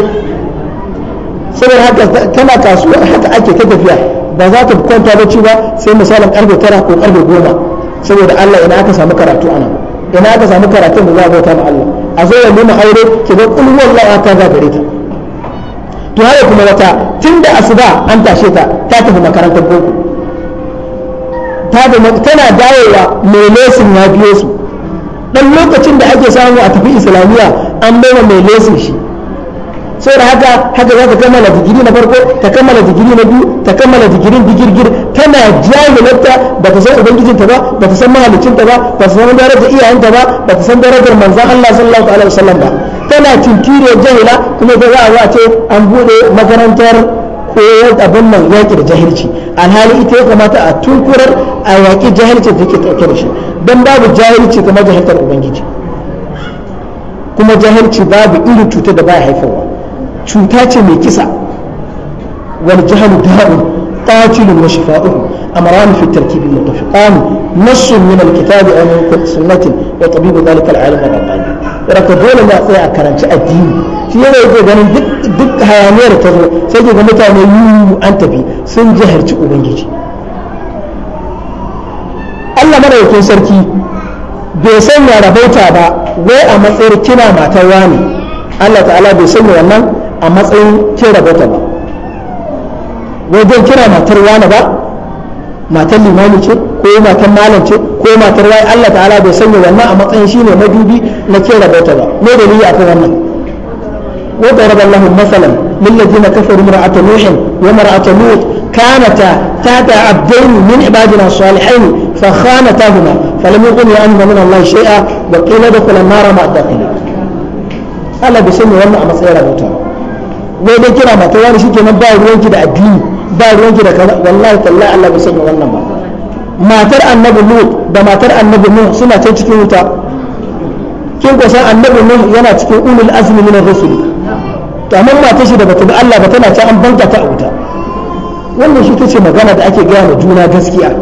saboda haka tana kasuwa haka ake ta tafiya ba za ta kwanta bacci ba sai misalin karfe tara ko karfe goma saboda Allah ina aka samu karatu ana ina aka samu karatu da za a bauta ma Allah a zo ya nuna aure ki ga kullu wallahi ta za gare ta to haka kuma wata tun da asuba an tashe ta ta tafi makarantar boko tana dawowa mai lesin ya biyo su ɗan lokacin da ake samu a tafi islamiyya an bai mai lesin shi sai da haka haka za ka kammala digiri na farko ta kammala digiri na biyu ta kammala digiri digirin digirgir kana jahilarta ba ta san ubangijinta ba ba ta san mahalicinta ba ba ta san darajar iyayenta ba ba ta san darajar manzan Allah sallallahu alaihi wasallam ba tana tuntire jahila kuma ta za a wace an bude makarantar koyar abin nan yaƙi da jahilci alhali ita ya kamata a tunkurar a yaƙi jahilci da ke ɗauke da shi don babu jahilci kamar kuma jahilci babu irin cutar da ba haifarwa cuta ce mai kisa wal jahlu da'un qatilun wa shifa'uhu amran fi tarkibi muttafiqan nass min al-kitab aw min sunnati wa tabibu dhalika al-alim rabbani raka dole na tsaya a karanci addini shi yana yake ganin duk hayaniyar ta zo sai ga mutane yiwu an tafi sun jiharci ubangiji Allah madaukakin sarki bai sanya rabauta ba wai a matsayin kina matar wani Allah ta'ala bai sanya wannan a matsayin kin bata ba wajen kira matar wani ba matar limani ce ko matar malam ce ko matar wai Allah ta'ala bai sanya wannan a matsayin shi ne madubi na kin bata ba me dalili akan wannan وضرب الله مثلا للذين كفروا امرأة نوح وامرأة لوط كانتا تحت عبدين من عبادنا الصالحين فخانتاهما فلم يغني عنهما من الله شيئا وقيل ادخلا النار مع الداخلين Allah bai sanya wannan a matsayin rabota wai dai kira mata wani shi kenan ba ruwanki da addini ba ruwanki da kaza wallahi tallahi Allah bai sanya wannan ba matar annabi nu da matar annabi nu suna can cikin wuta kin ko san annabi nu yana cikin ulul azmi min ar-rusul to amma matar shi da bata bi Allah ba tana ta an banka ta a wuta wannan shi tace magana da ake gaya ma juna gaskiya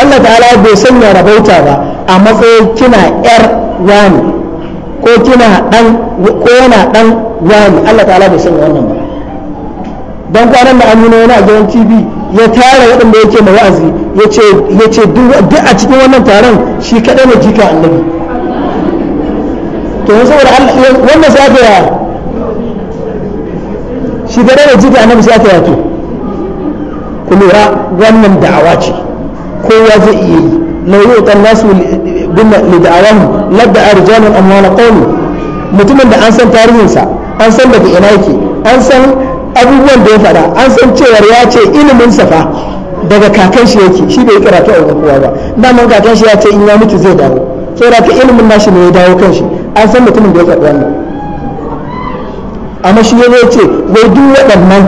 Allah ta'ala bai sanya rabauta ba a matsayin kina yar wani ko kina dan ko yana dan wani Allah ta'ala bai sanya wannan ba dan kwanan da amina yana a gidan tv ya tara waɗanda yake mai wa'azi yace yace duk a cikin wannan taron shi kaɗai ne jika annabi to saboda wannan sai aka yaya shi kaɗai ne jika annabi sai aka yaya to ku lura wannan da'awa ce kowa zai iya yi لو يؤتى الناس لدعواهم لدعا رجال أموال قوم mutumin da an san tarihinsa an san daga ina yake an san abubuwan da ya faɗa an san cewar ya ce ilimin safa daga kakan shi yake shi bai karatu a kowa ba daman kakan shi ya ce in ya mutu zai dawo saboda ka ilimin nashi ne ya dawo kanshi an san mutumin da ya faɗi wannan amma shi ya zai ce wai duk waɗannan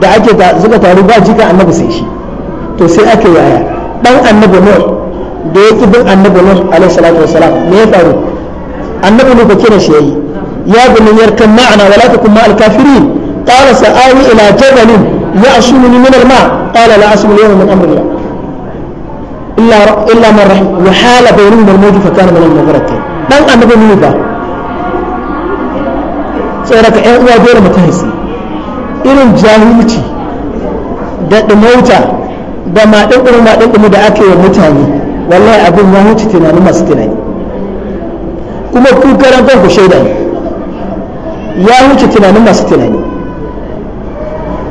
da ake zuka taru ba jika annabi sai shi to sai ake yaya dan annabi ne da ya ki bin annabi nuh alaihi salatu wasalam me ya faru annabi nuh ko kina shi yayi ya bunni yarkan ma'ana wala takum ma'al kafirin qala sa'awi ila jabalin ya'shumuni min al-ma' qala la asmu al-yawma min amri illa illa man rahim wa hala bainahum al-mawj fa kana min al-mughraqin dan annabi nuh ba tsere ka ƴan uwa dole mu tahisi irin jahilci da dumauta da maɗin ɗin maɗin da ake yi mutane wallahi abin ya wuce tunanin masu tunani kuma ku karantar ku shaida ne ya wuce tunanin masu tunani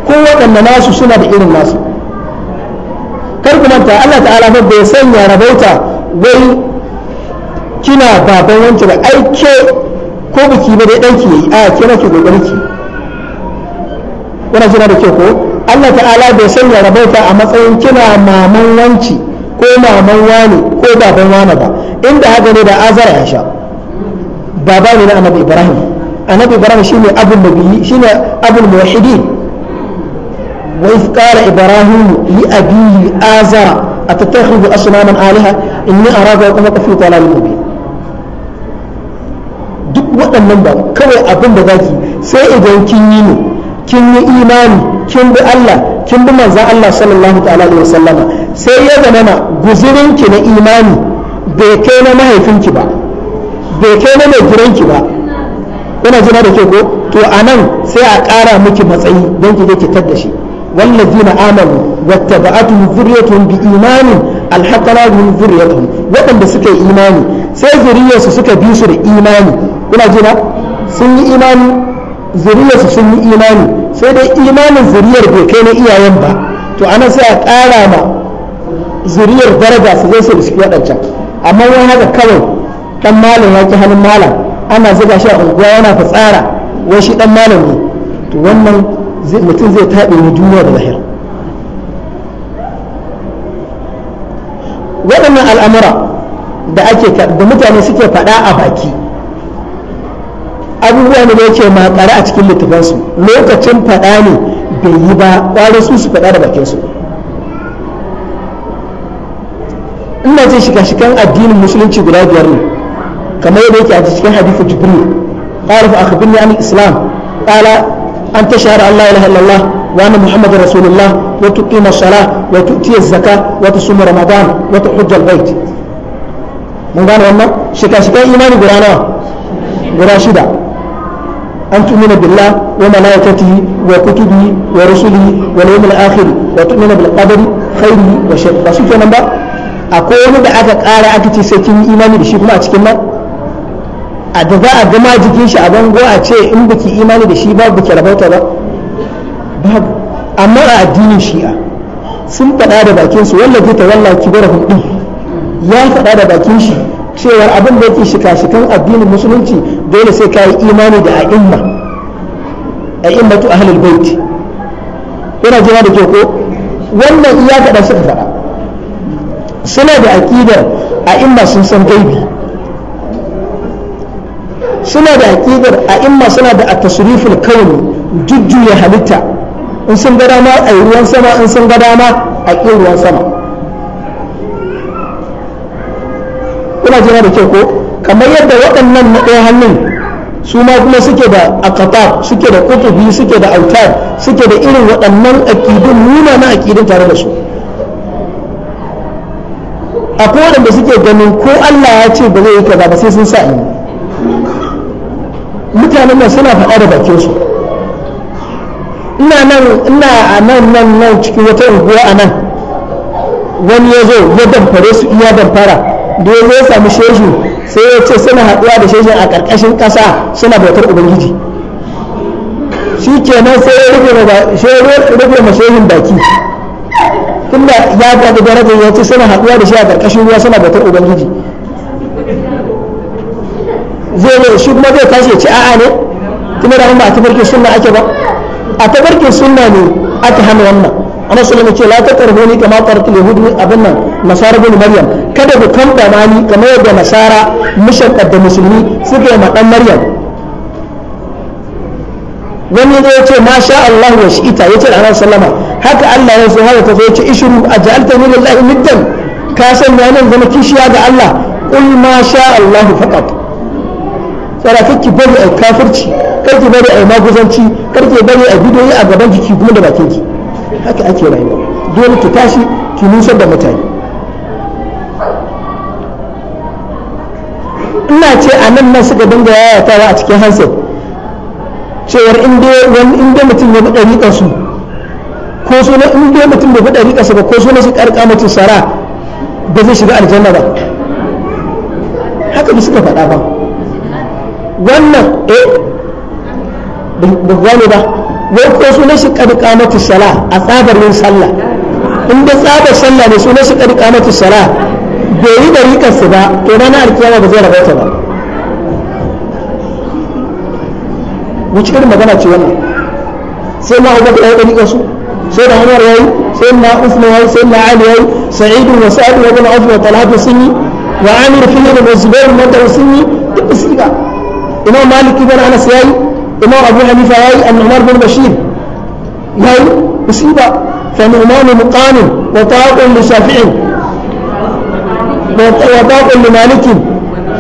ko waɗanda nasu suna da irin nasu kar ku manta Allah ta'ala ba bai sanya rabauta wai kina baban wanki ba ai ke ko biki ba dai danki yayi a ke nake gogorin ki wannan jira da ke ko Allah ta'ala bai sanya rabauta a matsayin kina maman wanci ko maman wani ko baban wani ba inda haka ne da azara ya sha baba ne na annabi ibrahim annabi ibrahim shine abul nabiyyi shine abul muwahhidin wa iz qala ibrahim li abihi azara atattakhidhu asnaman alaha inni arada kuma ka fi dalalin mubin duk waɗannan ba kawai abin da zaki sai idan kin yi ne kin yi imani kin bi Allah kin bi manzon Allah sallallahu ta'ala alaihi wasallama sai ya zama na guzurinki na imani bai kai na mahaifinki ba bai kai na mai gidanki ba ina jina da ke ko to a nan sai a ƙara miki matsayi don ki tar da shi wannan zina amalu wata ba atu zuriyatun bi imanin alhakala bi zuriyatun waɗanda suka yi imani sai zuriyarsu suka bi su da imani kuna jina sun yi imani zuriyarsu sun yi imani sai dai imanin zuriyar bai kai na iyayen ba to a sai a ƙara ma zuriyar daraja su zai su suke waɗancan amma wani haka kawai dan malam ya ki halin malam ana zuga shi a unguwa yana fitsara wai shi dan malam ne to wannan mutum zai taɓe ni duniya da lahira waɗannan al'amura da ake da mutane suke faɗa a baki abubuwa ne da yake makare a cikin littafansu lokacin faɗa ne bai yi ba ƙwarar su su faɗa da bakinsu ina ce shiga shikan addinin musulunci guda biyar ne kamar yadda yake a cikin hadithu jibril qala fa akhbirni an islam qala an tashhadu an la ilaha illallah wa anna muhammadar rasulullah wa tuqima as-salah wa tu'ti az-zakah wa tusum ramadan wa tuhajj al-bayt mun gane wannan shiga shikan imani guda nawa guda shida أن تؤمن بالله وملائكته وكتبه ورسله واليوم الآخر وتؤمن بالقدر خيره وشره. رسول الله akwai wani da aka ƙara aka ce sai kin yi imani da shi kuma a cikin nan a da za a gama jikin shi a bango a ce in baki imani da shi ba baki rabauta ba babu amma a addinin shi'a sun faɗa da bakin su zai ta walla kibara hudu ya faɗa da bakin shi cewar abin da yake shika-shikan addinin musulunci dole sai ka yi imani da a'imma a'immatu ahlul bait ina jira da ke ko wannan iya kaɗan suka faɗa suna da aƙidar a imma sun san gaibi suna da aƙidar a imma suna da a tasriful kauni jujjuya halitta in sun ga dama a yi ruwan sama in sun ga dama a ƙin ruwan sama kuna jira da kyau ko kamar yadda waɗannan na ɗaya hannun su ma kuma suke da akatab suke da kutubi suke da autar suke da irin waɗannan aƙidun nuna na aƙidun tare da su akwai waɗanda suke ganin ko Allah ya ce ba zai yi kaza ba sai sun sa in mutanen nan suna faɗa da bakin su ina nan ina a nan nan nan cikin wata unguwa a nan wani ya zo ya damfare su iya damfara da ya zo ya samu shehu sai ya ce suna haɗuwa da shejin a ƙarƙashin ƙasa suna bautar ubangiji shi kenan sai ya rufe ma baki tunda ya ga darajar ya ce suna haɗuwa da shi a ƙarƙashin ruwa suna batar ubangiji zai ne shi kuma zai tashi a'a ne kuma da ba a tafarkin sunna ake ba a tafarkin sunna ne aka hana wannan amma sallama ce la taqrabu ni kama qaratu yahudi abin nan nasara bin maryam kada ku kamba mani kamar yadda nasara mushaqqat da musulmi suka yi ma maryam wani zai ce ma sha Allah wa shi'ita ce da Annabi sallama haka Allah ya so haka ta zo ce ishru ajalta min Allah niddan ka san ya nan zama kishiya ga Allah qul ma sha Allah faqat tsara kake bari a kafirci karki bari a maguzanci karki bari a bidoyi a gaban jiki kuma da bakin ki haka ake rayuwa dole ki tashi ki nusar da mutane ina ce a nan nan suka dinga yayatawa a cikin hanset cewar in dai mutum ya bi ɗariƙar su ko suna in mutum bai bi ɗariƙar su ba ko suna su ƙarƙa mutum sara ba zai shiga aljanna ba haka ba suka faɗa ba wannan eh ba gane ba wai ko suna shi ƙarƙa mutum sara a tsabar yin sallah inda da tsabar sallah ne suna shi ƙarƙa mutum sara bai yi ɗariƙar su ba to ranar alkiyama ba zai rabauta ba wuce irin magana ce wannan sai na ubar ya yi ɗariƙa su sai da umar ya yi sai na usman ya yi sai na ali ya yi sa'idu wa sa'adu wa bin usman talatu sun yi wa amir fiye da wa zubair matar sun yi duk da suka imam malik ibn anas ya yi imam abu hanifa ya yi annumar bin bashir ya yi musiba fa nu'man muqanin wa ta'aqun li shafi'in wa ta'aqun li malikin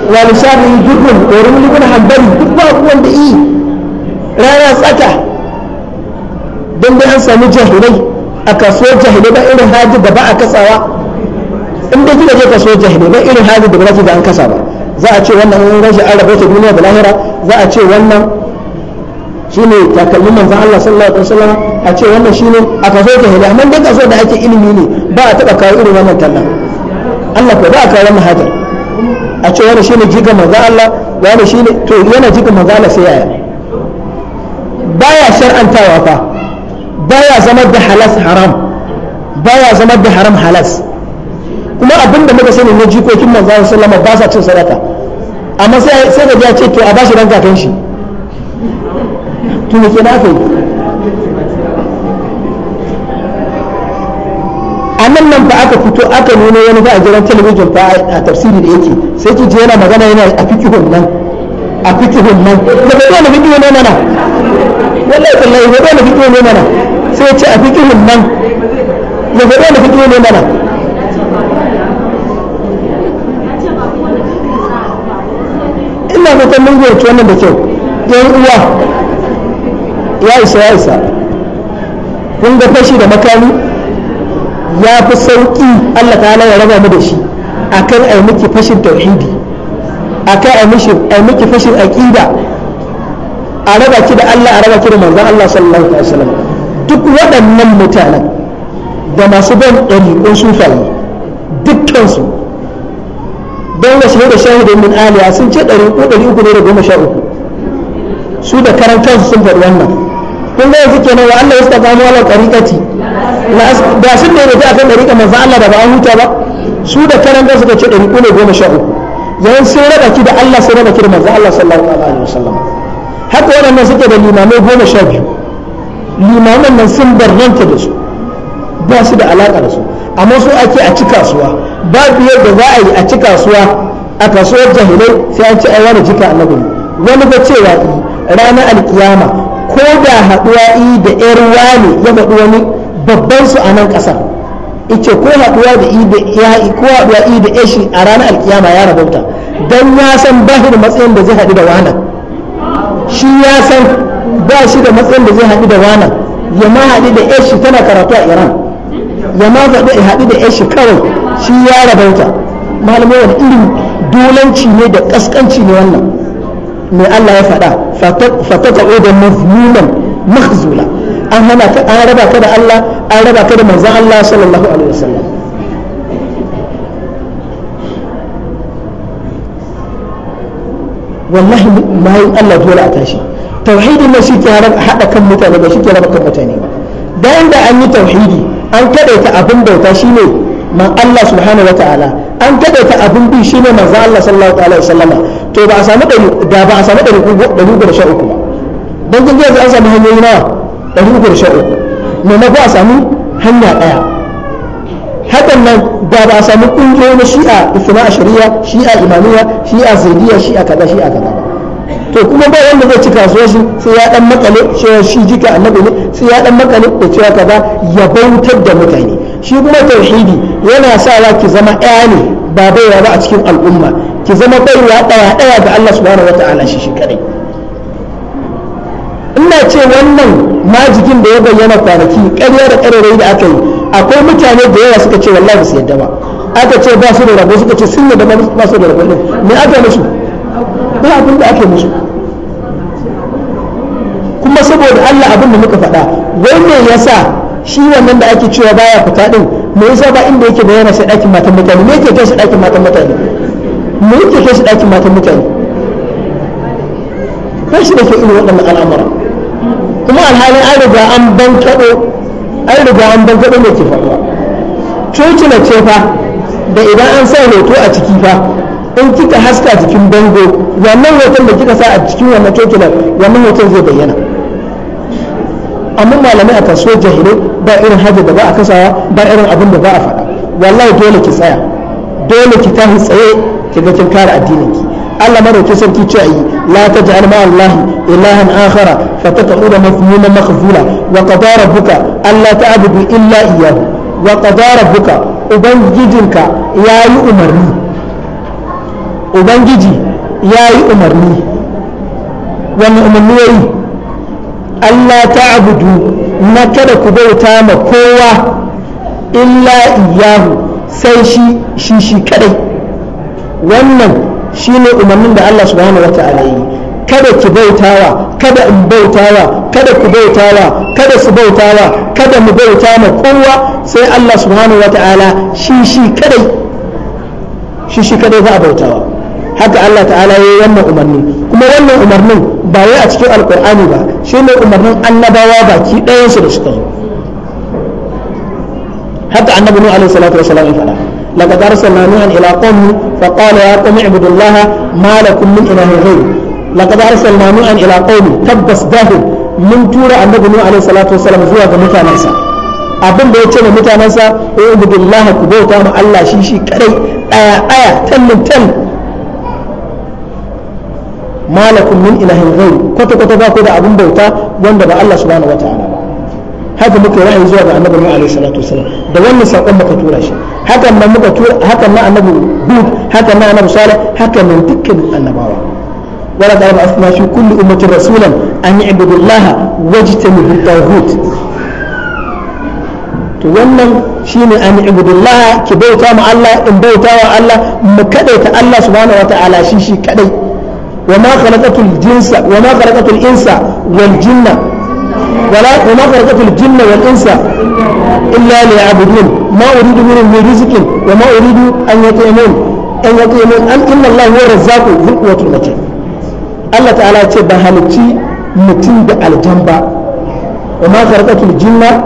wa li shafi'in jurrun wa rumli bin hanbali duk ba wanda yi rana tsaka don dai an sami jahilai a kasuwar jahilai ba irin haji da ba a kasawa in dai gida je kasuwar jahilai ba irin haji da ba za ki ga an kasa ba za a ce wannan in rashin an rabota duniya da lahira za a ce wannan shine takalmin manzon Allah sallallahu alaihi wasallam a ce wannan shine a kasuwar jahilai amma dai kasuwar da ake ilimi ne ba a taba kawo irin wannan talla. Allah ko ba a kawo wannan hajar a ce wannan shine jiga manzon Allah wani shine to yana jiga manzon Allah sai yaya baya shar'antawa fa baya zama da halas haram baya zama da haram halas kuma abin da muka sani na jikokin manzo sallama ba sa cin sadaka amma sai sai da ya ce to a bashi dan kakan shi to me kenan kai? yi a nan nan fa aka fito aka nuna wani ba a gidan talabijin fa a tafsiri da yake sai ki je yana magana yana a fikihun nan a fikihun nan daga dole fikihu ne mana wallahi tallahi ga dole fikihu ne mana sai ya ce a fikihun nan ya ga dole fikihu ne mana ina fatan mun gwaci wannan da kyau yan uwa ya isa ya isa kun ga fashi da makami ya fi sauki Allah ta ya raba mu da shi akan ai miki fashin tauhidi a kai a miki fashin aƙida a raba ki da Allah a raba ki da manzon Allah sallallahu alaihi wasallam duk waɗannan mutanen da masu ban ɗariƙun sufaye dukkansu don wasu da shahidin min aliya sun ce uku ɗari uku ne da goma sha uku su da karantar sun faɗi wannan kun ga yanzu kenan wa Allah ya saka mu ala tariqati da sun da ya aka kan ɗariƙa Allah da ba an huta ba su da karantar kansu da ce ɗariƙu ne goma sha uku yan sun raba ki da Allah sai raba ki da manzo Allah sallallahu alaihi wasallam haka waɗannan suke da limamai goma sha biyu limaman nan sun bar barranta da su ba su da alaka da su amma su ake a ci kasuwa babu da za a yi a ci kasuwa a kasuwar jahilai sai an ci ai wani jika annabi wani ba cewa ranar alkiyama ko da haɗuwa da ƴar wani ya haɗu wani babban su a nan ƙasar ice ko haɗuwa da ida ya ko haɗuwa ida ya shi a ranar alkiyama ya rabauta dan ya san da matsayin da zai haɗu da wana shi ya san ba shi da matsayin da zai haɗu da wana ya ma haɗu da ya shi tana karatu a iran ya ma haɗu da ya shi kawai shi ya rabauta malamai wani irin dolanci ne da ƙasƙanci ne wannan mai Allah ya faɗa fataka da mazmunan mahzula an hana ta an raba ka da Allah an raba ka da manzan Allah sallallahu alaihi wasallam wallahi bayan Allah dole a tashi tauhidin nan shi ke haɗa kan mutane ba shi ke raba kan mutane ba da inda an yi tauhidi an kadaita abin bauta ne, man Allah subhanahu wataala an kadaita abin bi ne manzo Allah sallallahu alaihi wasallam to ba a samu da ba a samu 313 ba dan kun ga an samu hanyoyi na 313 maimako a sami hanya ɗaya hakan nan da ba a sami ƙungiyoyi na shi'a isna a shari'a shi'a imaniya shi'a zaidiya shi'a kaza shi'a kaza to kuma ba wanda zai ci kasuwar shi sai ya dan makale shi jika annabi ne sai ya dan makale da cewa kaza ya bautar da mutane shi kuma tauhidi yana sa wa ki zama ɗaya ne ba baiwa ba a cikin al'umma ki zama baiwa ɗaya ɗaya ga Allah subhanahu wataala shi shi kadai ina ce wannan majigin da ya bayyana kwanaki ƙarya da ƙararai da aka yi akwai mutane da yawa suka ce wallahi ba su yadda ba aka ce ba su da rabo suka ce sun yadda ba su da rabo ne me aka musu ba abin da aka musu kuma saboda Allah abin da muka faɗa ya yasa shi wannan da ake cewa baya fita din me yasa ba inda yake bayyana sai ɗakin matan mutane me yake kai shi ɗakin matan mutane me yake kai shi ɗakin matan mutane ba shi da ke irin waɗannan al'amuran kuma alhalin an riga an bankaɗo an riga an bankaɗo mai ke faruwa cocina ce fa da idan an sa hoto a ciki fa in kika haska jikin bango wannan hoton da kika sa a cikin wannan cocinar wannan hoton zai bayyana amma malamai a kasuwar jahilai ba irin hajji da ba a kasawa ba irin abin da ba a faɗa wallahi dole ki tsaya dole ki tahi tsaye ki ga kin kare addinin ki Allah madauki sarki ce ayi la taj'al ma Allah ilahan akhara فتدعون مفهوما مخزولا وقضى ربك الا تعبدوا الا اياه وقضى ربك ubangijinka ya yi umarni ubangiji ya yi umarni wani umarni yayi allah ta'budu na kada ku bauta ma kowa illa iyahu sai shi shi shi kadai wannan shine umarnin da allah subhanahu wa ta'ala yi kada ki bautawa kada in bautawa kada ku bautawa kada su bautawa kada mu bauta ma kowa sai Allah subhanahu wata'ala shi shi kadai shi shi kadai za a bautawa haka Allah ta'ala yayi wannan umarni kuma wannan umarnin ba wai a cikin alkur'ani ba shi ne umarnin annabawa baki ɗayan su da suka zo haka annabi nuhu alaihi salatu wasalam ya faɗa laqad arsalna nuhan ila qaumi fa qala ya qaumi ibudullaha ma lakum min ilahin ghayr laqad arsalna nu'an ila qaumi tabbas dahu mun tura annabi nuh alaihi salatu wasallam zuwa ga mutanansa abin da ya ce wa mutanansa ya ubudullaha ku bauta ma Allah shi shi kadai daya daya tallin tal malakum min ilahin ghayr kwata kwata ba ku da abin bauta wanda ba Allah subhanahu wataala haka muke ra'ayi zuwa ga annabi nuh alaihi salatu wasallam da wannan sakon muka tura shi hakan nan muka tura hakan nan annabi hud hakan nan annabi salih hakan nan dukkan annabawa wala da ba'athna fi kulli ummatin rasulan an ya'budu Allah wajtanibu at-taghut to wannan shine an ya'budu Allah ki bauta ma Allah in bauta wa Allah mu kadaita Allah subhanahu wa ta'ala shi shi kadai wa ma khalaqatul jinsa wa ma khalaqatul insa wal jinna ولا وما خلقت الجن والانس الا ليعبدون ما اريد منهم من رزق وما اريد ان يطعمون ان يطعمون ان Allah ta'ala ya ce ba halicci mutum da aljan ba wa ma kharaqatul jinna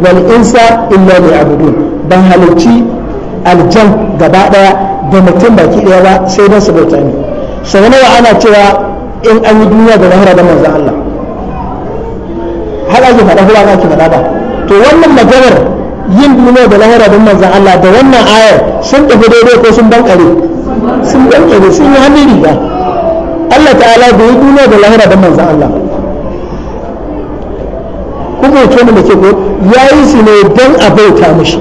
wal insa illa abudun ban halicci aljan gaba daya da mutum baki daya ba sai dan su bauta ni sai nawa ana cewa in an yi duniya da zahara da manzo Allah har ake faɗa ko ake faɗa ba to wannan maganar yin duniya da lahira don manzon Allah da wannan ayar sun tafi daidai ko sun bankare sun bankare sun yi hannun riga Allah ta'ala bai yi duniya da lahira da manzan Allah kuma ce mu da ke ko ya yi su ne don a bauta mashi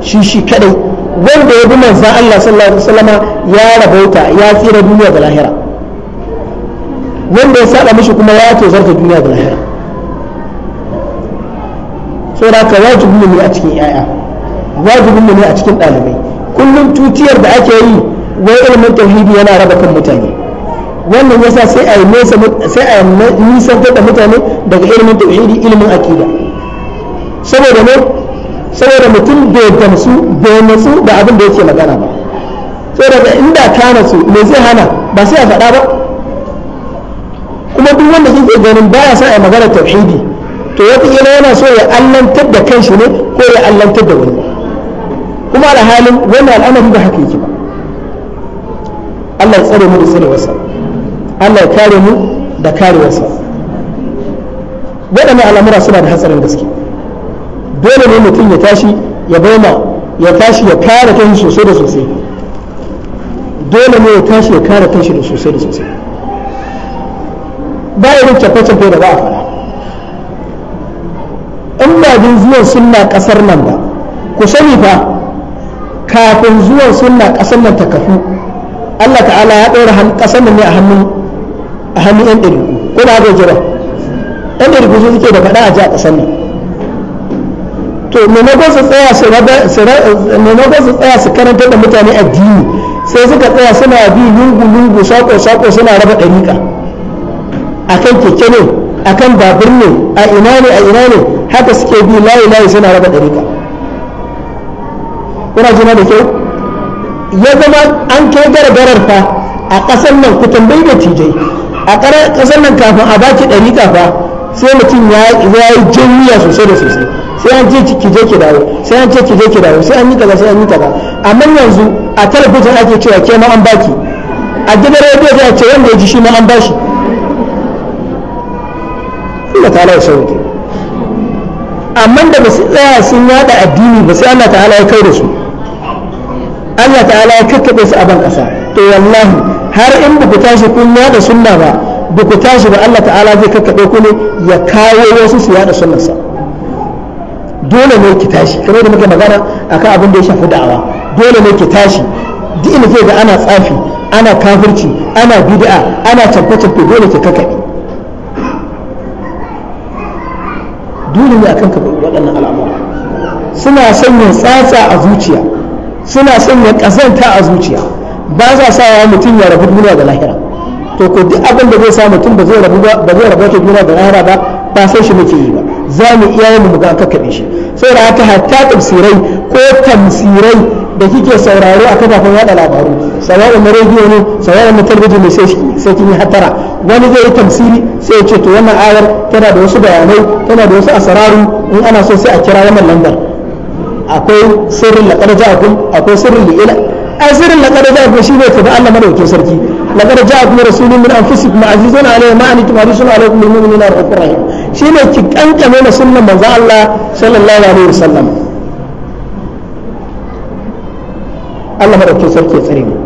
shi shi kadai wanda ya bi manzan Allah sallallahu alaihi wasallam ya rabauta ya tsira duniya da lahira wanda ya sada mashi kuma ya zarta duniya da lahira saboda wajen wajibin ne a cikin 'ya'ya wajibin ne a cikin ɗalibai kullum tutiyar da ake yi wai ilimin tauhidi yana raba kan mutane wannan yasa sai a yi nesa sai a nisantar da mutane daga ilimin tauhidi ilimin akida saboda ne saboda mutum bai gamsu bai natsu da abin da yake magana ba daga inda ka natsu me zai hana ba sai a faɗa ba kuma duk wanda kike ganin baya sa a magana tauhidi to wataƙila yana so ya allantar da kanshi ne ko ya allantar da wani kuma alhalin wannan al'amari ba haka yake ba Allah ya tsare mu da tsirewarsa Allah ya kare mu da karewarsa waɗannan al'amura suna da hatsarin gaske dole ne mutum ya tashi ya bayyana ya tashi ya kare shi sosai da sosai dole ne ya tashi ya kare kanshi da sosai da sosai ba irin cafe-cafe da ba a fara in ba bin zuwan sunna kasar nan ba ku sani fa kafin zuwan sunna kasar nan ta kafu Allah ta'ala ya ɗora kasar nan ne a hannun hannun yan ɗari ko da haka jira yan ɗari su suke da faɗa a ji a ƙasar nan to maimakon su tsaya su tsaya su karanta da mutane addini sai suka tsaya suna bi lungu lungu sako sako suna raba ɗariƙa kan keke ne a kan babur ne a ina ne a ina ne haka suke bi layi layi suna raba ɗariƙa kuna jina da kyau ya zama an kai gargarar fa a ƙasar nan ku tambayi da tijai a ƙasar nan kafin a baki ɗari kafa sai mutum ya yi jami'a sosai da sosai sai an ce ki je ki dawo sai an ce ki je ki dawo sai an yi kaza sai an yi kaza amma yanzu a talabijin ake cewa ke ma an baki a gidan rediyo za ce wanda ya ji shi ma an bashi Allah ta'ala ya sauke amma da ba su tsaya sun yada addini ba sai Allah ta ya kai da su Allah ta ya kakkaɓe su a ban ƙasa to eh, wallahi har in ba ku tashi kun yada sunna ba ba ku tashi ba Allah ta'ala zai kakkaɓe ku ne ya kawo wasu su yada sunnarsa dole ne ki tashi kamar da muke magana akan abin da ya shafi da'awa dole ne ki tashi duk inda ke ga ana tsafi ana kafirci ana bid'a ana tabbatar dole ki kakkaɓe dole ne akan ka waɗannan al'amura suna sanya tsatsa a zuciya suna sanya ƙazanta a zuciya ba sa sa wa mutum ya rabu duniya da lahira to ko duk abin da zai sa mutum ba zai rabu ba zai rabu ta duniya da lahira ba ba sai shi muke yi ba za mu iya yin mu ga aka kabe shi saboda haka hatta tafsirai ko tamsirai da kike sauraro a kafafen yada labaru sawa'un na rediyo ne sawa'un na talabijin ne sai kin yi hatara wani zai yi tamsiri sai ya ce to wannan ayar tana da wasu bayanai tana da wasu asararu in ana so sai a kira wannan lambar akwai sirrin laqad akwai sirrin li'ila asirin na kada ja'a shi ne tafi Allah madaukin sarki la kada ja'a kuma rasulun min anfusikum azizun alayhi ma antum harisun alaykum bil mu'minina rahmanur rahim shine ki kankame na sunnan manzo Allah sallallahu alaihi wasallam Allah madaukin sarki ya tsare mu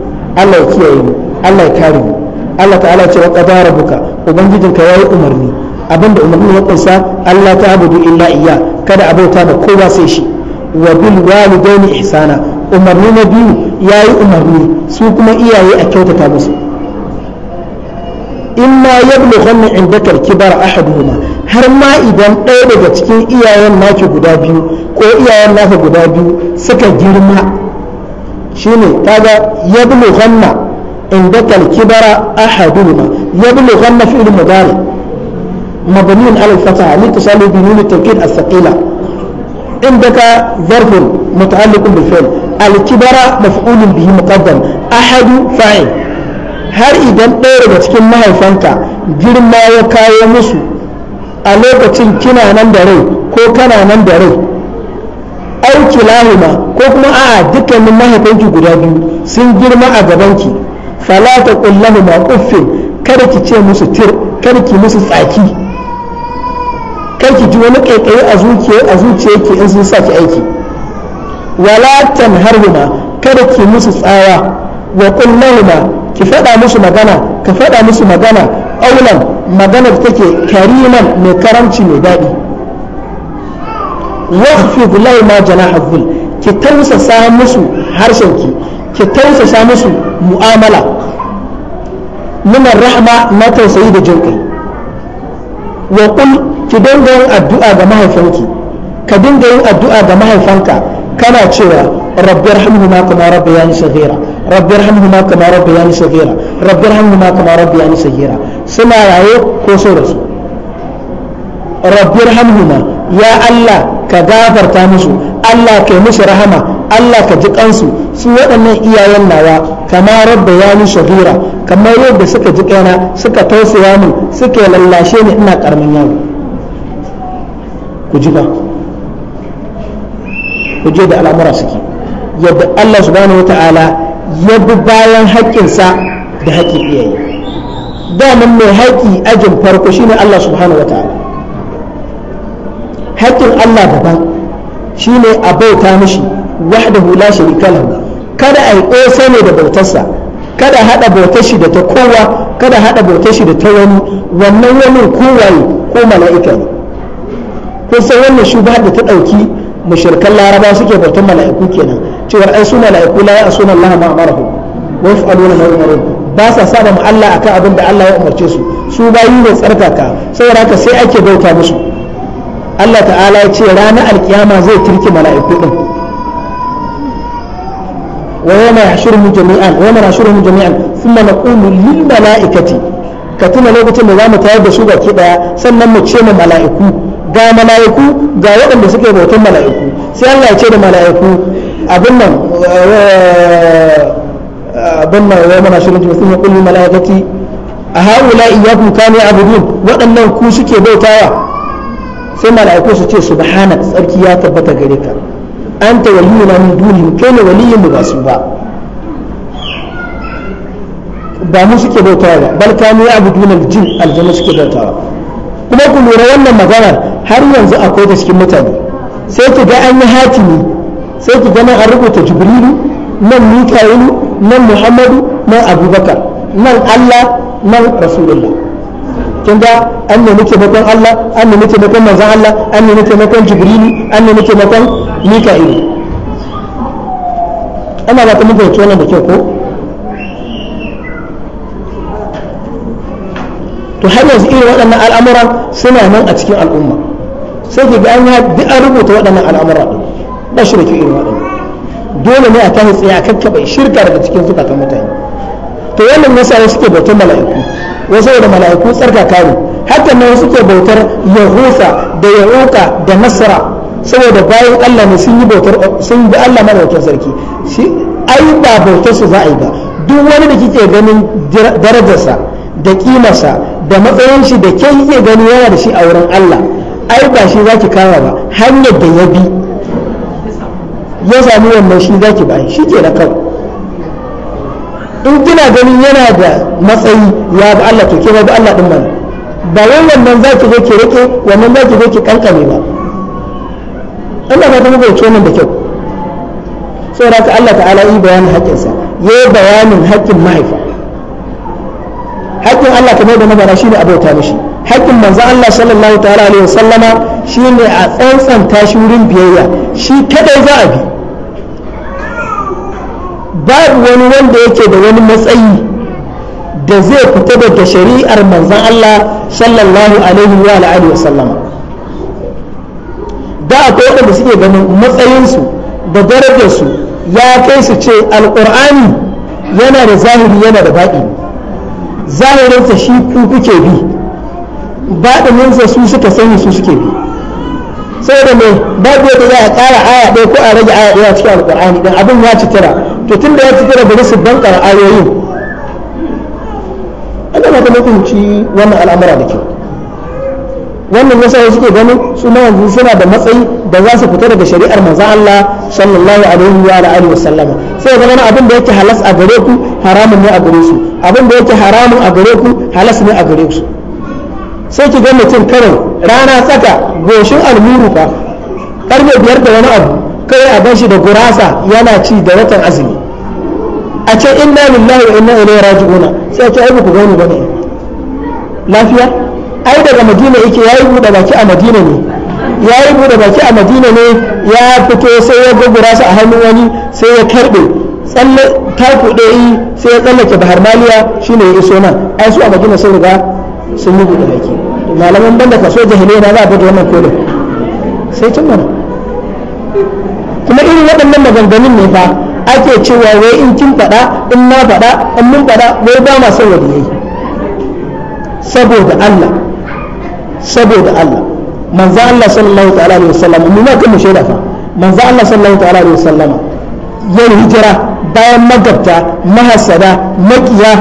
Allah ya kiyaye mu Allah ya kare mu Allah ta'ala ce wa qadara rabbuka ubangijinka yayi umarni abinda umarni ya kunsa Allah ta abudu illa iya kada abauta da kowa sai shi wa walidaini ihsana umarni na biyu ya yi umarni su kuma iyaye a kyautata musu in ma yablughanna indaka al-kibar ahaduhuma har ma idan ɗaya daga cikin iyayen naki guda biyu ko iyayen naka guda biyu suka girma shine kaga yablughanna indaka al-kibar ahaduhuma yablughanna fi'l mudari مبني على الفتحة لاتصال بنون التوكيد الثقيلة عندك ظرف متعلق بالفعل alkibara maf'ulun bihi muqaddam ahadu fa'il har idan ɗaya daga cikin mahaifanka girma ya kawo musu a lokacin kina nan da rai ko kana nan da rai auki lahuma ko kuma a'a dukkanin mahaifanki guda biyu sun girma a gabanki fala ta kullahuma uffin kada ki ce musu tir kada ki musu tsaki kar ki ji wani kaikayi a zuciyarki in sun sa ki aiki wala tanharhuma kada ki musu tsawa wa kullahuma ki fada musu magana ka faɗa musu magana aulan maganar take kariman mai karamci mai daɗi واخفض ma janaha الذل ki sa musu harshenki ki sa musu mu'amala nuna rahma na tausayi da jinkai wa kul ki dinga yin addu'a ga mahaifanki ka dinga yin addu'a ga mahaifanka kana cewa rabbi rahamhuma kama rabbayani saghira rabbi rahamhuma kama rabbayani saghira rabbi rahamhuma kama rabbayani saghira suna raye ko so da su rabbi rahamhuma ya Allah ka gafarta musu Allah ka musu rahama Allah ka ji kansu su waɗannan iyayen nawa kama rabbayani saghira kamar yadda suka ji kaina suka tausaya min suka lallashe ni ina karamin yaro ku ji ba ku da al'amura suke yadda Allah subhanahu wata'ala ya bi bayan haƙƙinsa da haƙƙin iyaye daman mai haƙƙi ajin farko shine Allah subhanahu wata'ala haƙƙin Allah daban shine a bauta mishi wahdahu la sharika lahu kada a yi ƙosa ne da bautarsa kada haɗa bautar shi da ta kowa kada haɗa bautar shi da ta wani wannan wani kowaye ko mala'ika ne Ko kusan wannan shubha da ta ɗauki mushrikan laraba suke batun mala'iku kenan cewar ai su mala'iku la ya'suna Allah ma amarahu wa yaf'aluna ma yu'marun ba sa saba mu Allah akan abin da Allah ya umarce su su bayi ne tsarkaka saboda haka sai ake bauta musu Allah ta'ala ya ce ranar alkiyama zai turke mala'iku din wa yawma yahshuruhum jami'an wa yawma yahshuruhum jami'an thumma naqulu lil mala'ikati ka tuna lokacin da zamu tayar da su baki daya sannan mu ce mu mala'iku ga mala'iku ga waɗanda suke bautan mala'iku sai Allah ya ce da mala'iku abin nan eh, abin nan wa mana shirin jami'in sun kulli mala'ikati a haula iyyakum kanu abudun waɗannan ku suke bautawa sai mala'iku su ce subhana tsarki ya tabbata gare ka anta waliyuna min duni kai ne waliyin mu ba su ba ba mu suke bautawa ba bal kanu abudun aljin aljanna suke bautawa kuma ku lura wannan magana har yanzu akwai ta cikin mutane sai ki ga an yi hatimi sai ki ga nan an rubuta jibrilu nan mika'ilu nan muhammadu nan abubakar nan allah nan rasulullah kin ga an nemi taimakon allah an nemi taimakon manzon allah an nemi taimakon jibrilu an nemi taimakon mika'ilu ana ba ta mutunci wannan da kyau ko to har yanzu irin waɗannan al'amuran suna nan a cikin al'umma sai ku ga an ya bi an rubuta waɗannan al'amura ɗin ba shi da kyau irin waɗannan dole ne a tashi tsaye a kakkaɓe shirka daga cikin zukatan mutane to wannan yasa wasu suke bautar mala'iku wasu da mala'iku tsarkaka ne hakan nan suke bautar yahusa da yahuka da nasara saboda bayan Allah ne sun yi bautar sun bi Allah madaukakin sarki shi ai ba bautar su za a yi ba duk wani da kike ganin darajarsa da kimarsa da matsayin shi da ke iya gani yana da shi a wurin Allah ai ba shi za ki kama ba hanyar da ya bi ya sami wannan shi za ki ba shi ke da kawai in kina ganin yana da matsayi ya bi Allah to ke ba Allah din mana ba wai wannan za ki zo ki rike wannan za ki zo ki kankane ba Allah ba ta muku ce nan da kyau saboda Allah ta'ala yi bayanin haƙƙinsa yayi bayanin haƙƙin mahaifa hakkin Allah kamar da magana shine a bauta mishi haƙƙin manzo Allah sallallahu ta'ala alaihi wasallama shine a tsantsanta shi wurin biyayya shi kadai za a bi babu wani wanda yake da wani matsayi da zai fita daga shari'ar manzon Allah sallallahu alaihi wa alihi wasallama da akwai waɗanda suke ganin matsayinsu da darajarsu ya kai su ce alƙur'ani yana da zahiri yana da baƙi zahirinsa shi ku kuke bi baɗininsa su suka sani su suke bi sai da mai babu yadda za a ƙara aya ɗaya ko a rage aya ɗaya cikin alƙur'ani don abin ya citira to tun da ya citira bari su bankar ayoyin ana mata mafinci wannan al'amura da kyau wannan yasa wasu ke ganin su na yanzu suna da matsayi da za su fita daga shari'ar manzo Allah sallallahu alaihi wa alihi wasallama sai ga wani abin da yake halas a gare ku haramun ne a gare su abin da yake haramun a gare ku halas ne a gare su sai ki ga mutum karin rana tsaka goshin almuru fa karbe biyar da wani abu kai a bashi da gurasa yana ci da watan azumi a ce inna lillahi wa inna ilaihi raji'una sai ce ai ku gani bane lafiya ai daga madina yake ya yi buɗe baki a madina ne ya yi buɗe baki a madina ne ya fito sai ya gugura su a hannun wani sai ya karɓe tsalle kuɗe yi sai ya tsallake bahar shi shine ya iso nan ai su a madina sun riga sun yi buɗe baki malaman banda so jahiliya na za a bada wannan kodin sai tun mana kuma irin waɗannan maganganun ne fa ake cewa wai in kin faɗa in na faɗa in mun faɗa wai ba ma son yayi saboda Allah saboda Allah manzo Allah sallallahu ta'ala alaihi wasallam mu ma kan mu shaida fa manzo Allah sallallahu ta'ala alaihi wasallam yayin hijira bayan magabta mahasada makiya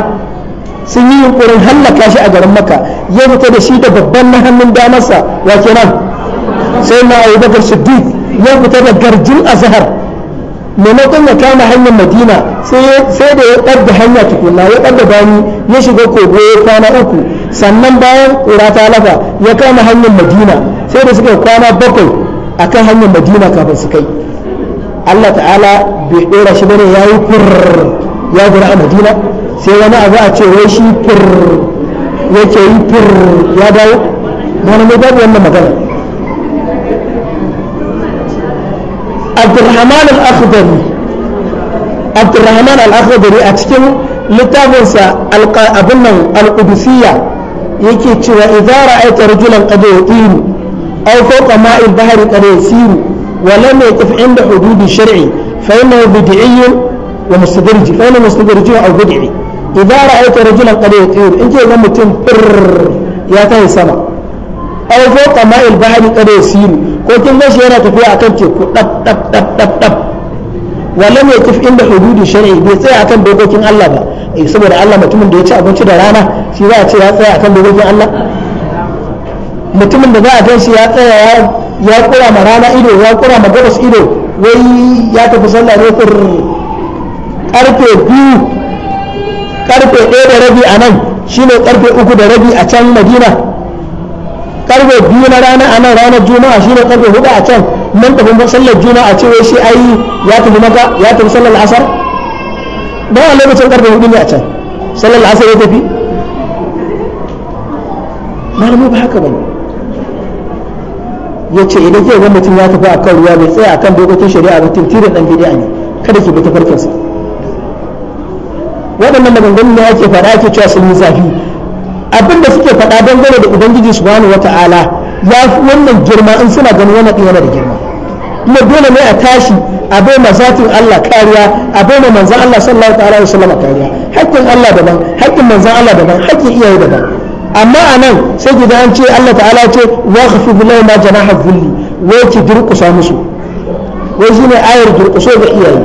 sun yi yunkurin hallaka shi a garin maka ya fita da shi da babban na hannun damarsa wa kenan sai na abubakar siddiq ya fita da garjin azhar maimakon ya kama hanyar madina sai da ya ɗabda hanyar tukuna ya ɗabda bani ya shiga kogo ya kwana uku sannan bayan ƙura ta lafa ya kama hanyar madina sai da suka kwana bakwai a kan hanyar madina kafin su kai allah ta'ala bai ɗora shi bane ya yi furr ya gura a madina sai wani abu a ce wai shi furr yake yi furr ya dawo wani mai babu wannan magana abdurrahman al-akhdari abdurrahman al-akhdari a cikin littafinsa abin nan al-qudusiyya yake cewa idza ra'aita rajulan qad yatiru aw fawqa ma'il bahri qad yasiru wa lam yaqif inda hudud shar'i fa innahu bid'i wa mustadrij fa innahu mustadrij aw bid'i idza ra'aita rajulan qad yatiru in ga mutum fir ya tahi sama aw fawqa ma'il bahri qad yasiru ko kin gashi yana tafiya akan teku dab dab dab dab dab walam yakif inda hududi shar'i bai tsaya akan dokokin Allah ba eh saboda Allah mutumin da ya ci abinci da rana shi za a ce ya tsaya akan dokokin Allah mutumin da za a gan shi ya tsaya ya kura ma rana ido ya kura ma gabas ido wai ya tafi sallah ne kur karfe biyu karfe ɗaya da rabi a nan shine karfe uku da rabi a can madina karfe biyu na rana a nan ranar juma'a shine karfe hudu a can nan tafi sallar juma'a ce wai shi ayi ya tafi maka ya tafi sallar asar ba a lokacin karfe hudu ne a can sallar asar ya tafi malamu ba haka bane ya ce idan ke ga mutum ya tafi akan ruwa bai tsaya akan dokokin shari'a ba tintirin dan bid'a ne kada ki bi ta farkinsa waɗannan maganganun ne ake faɗa ake cewa sun yi zafi abin da suke faɗa dangane da ubangiji subhanahu wata'ala ya fi wannan girma in suna ganin wannan ɗin yana da girma kuma dole ne a tashi a bai ma Allah kariya a bai ma manzan Allah sallallahu ta'ala wa sallama kariya haƙƙin Allah daban haƙƙin manzan Allah daban haƙƙin iyaye daban amma a nan sai ki an ce Allah ta'ala ce wa khafid lahu ma janaha dhulli wai ki durƙusa musu wai shine ayar durƙuso ga iyaye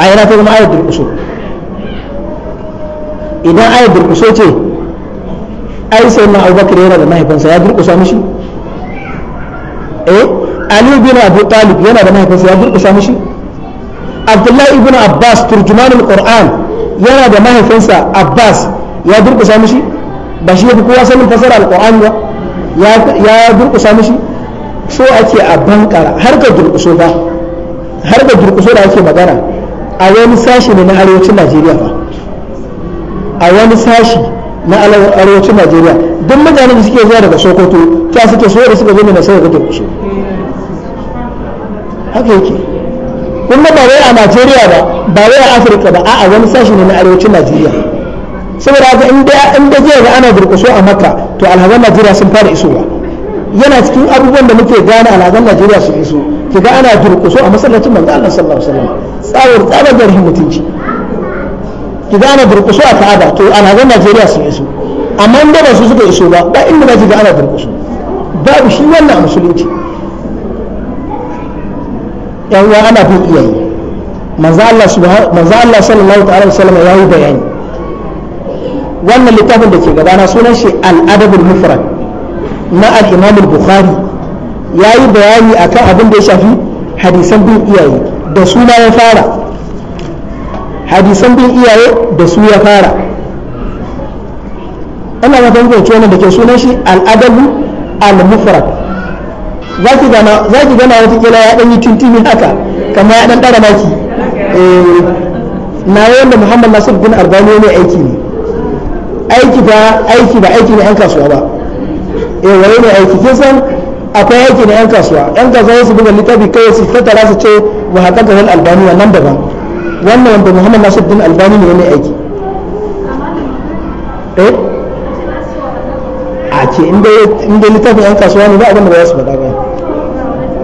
ayar ta kuma ayar durƙuso idan aya durkuso ce ai sai na abubakar yana da mahaifinsa ya durkusa mishi eh aliyu bin abu talib yana da mahaifinsa ya durkusa mishi abdullahi ibn abbas turjumanul qur'an yana da mahaifinsa abbas ya durkusa mishi ba shi yafi kowa sanin fasara alqur'ani ba ya durkusa mishi so ake a bankara har ka durkuso ba har ka durkuso da ake magana a wani sashi ne na arewacin najeriya ba. a wani sashi na arewacin najeriya duk mutanen da suke zuwa daga sokoto ta suke so da suka zo mai nasarar kake kushe haka yake kuma ba wai a najeriya ba ba wai a afirka ba a wani sashi ne na arewacin najeriya saboda haka in da ga ana durkuso a makka to alhazan najeriya sun fara isowa yana cikin abubuwan da muke gane alhazan najeriya sun iso kiga ana durkuso a masallacin manzo Allah sallallahu alaihi wasallam tsawar tsabar mutunci ki ga ana durƙusu a ka'aba to alhazan najeriya sun iso amma in ba su suka iso ba ba inda ba ki ana durƙusu babu shi wannan a musulunci yan uwa ana bin iyaye manzo Allah sallallahu ta'ala wasallam ya yi bayani wannan littafin da ke gabana sunan shi al-adabul mufrad na al-imam al-bukhari yayi bayani akan abin da ya shafi hadisan bin iyaye da suna ya fara hadisan bin iyaye da su ya fara ana mata mutunci wannan da ke sunan shi al'adabu al-mufrad za ki gana wata kila ya ɗan yi tuntuni haka kamar ya ɗan ɗara maki eh, na wanda muhammad nasir bin arbani ne aiki ne aiki ba aiki ba aiki ne yan kasuwa ba eh waye ne aiki kin san akwai aiki ne yan kasuwa yan kasuwa su buga littafi kai su tattara su ce wa hakaka wal albani wannan daban wannan wanda muhammad nasiruddin albani ne wani aiki eh a ce inda littafin yan kasuwa ne ba abin da ba su faɗa ba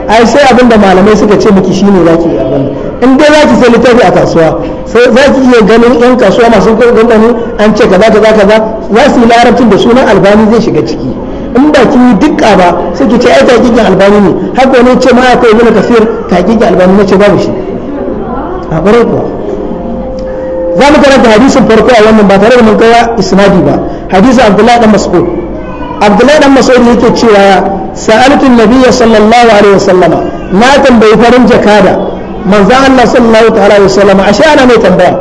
ai sai abin da malamai suka ce miki shine zaki abin in dai zaki sai littafi a kasuwa sai zaki iya ganin yan kasuwa masu gandani an ce kaza kaza kaza za su yi larabcin da sunan albani zai shiga ciki in ba ki yi dukka ba sai ki ce ai takikin albani ne haka ne ce ma akwai ibn tafiyar takikin albani ne ce babu shi a bare kuwa za mu karanta hadisin farko a wannan ba tare da mun kawo isnadi ba hadisin abdullahi dan mas'ud abdullahi dan mas'ud yake cewa sa'altu nabiyya sallallahu alaihi wasallama na tambayi farin jakada manzo Allah sallallahu ta'ala alaihi wasallama ashe ana mai tambaya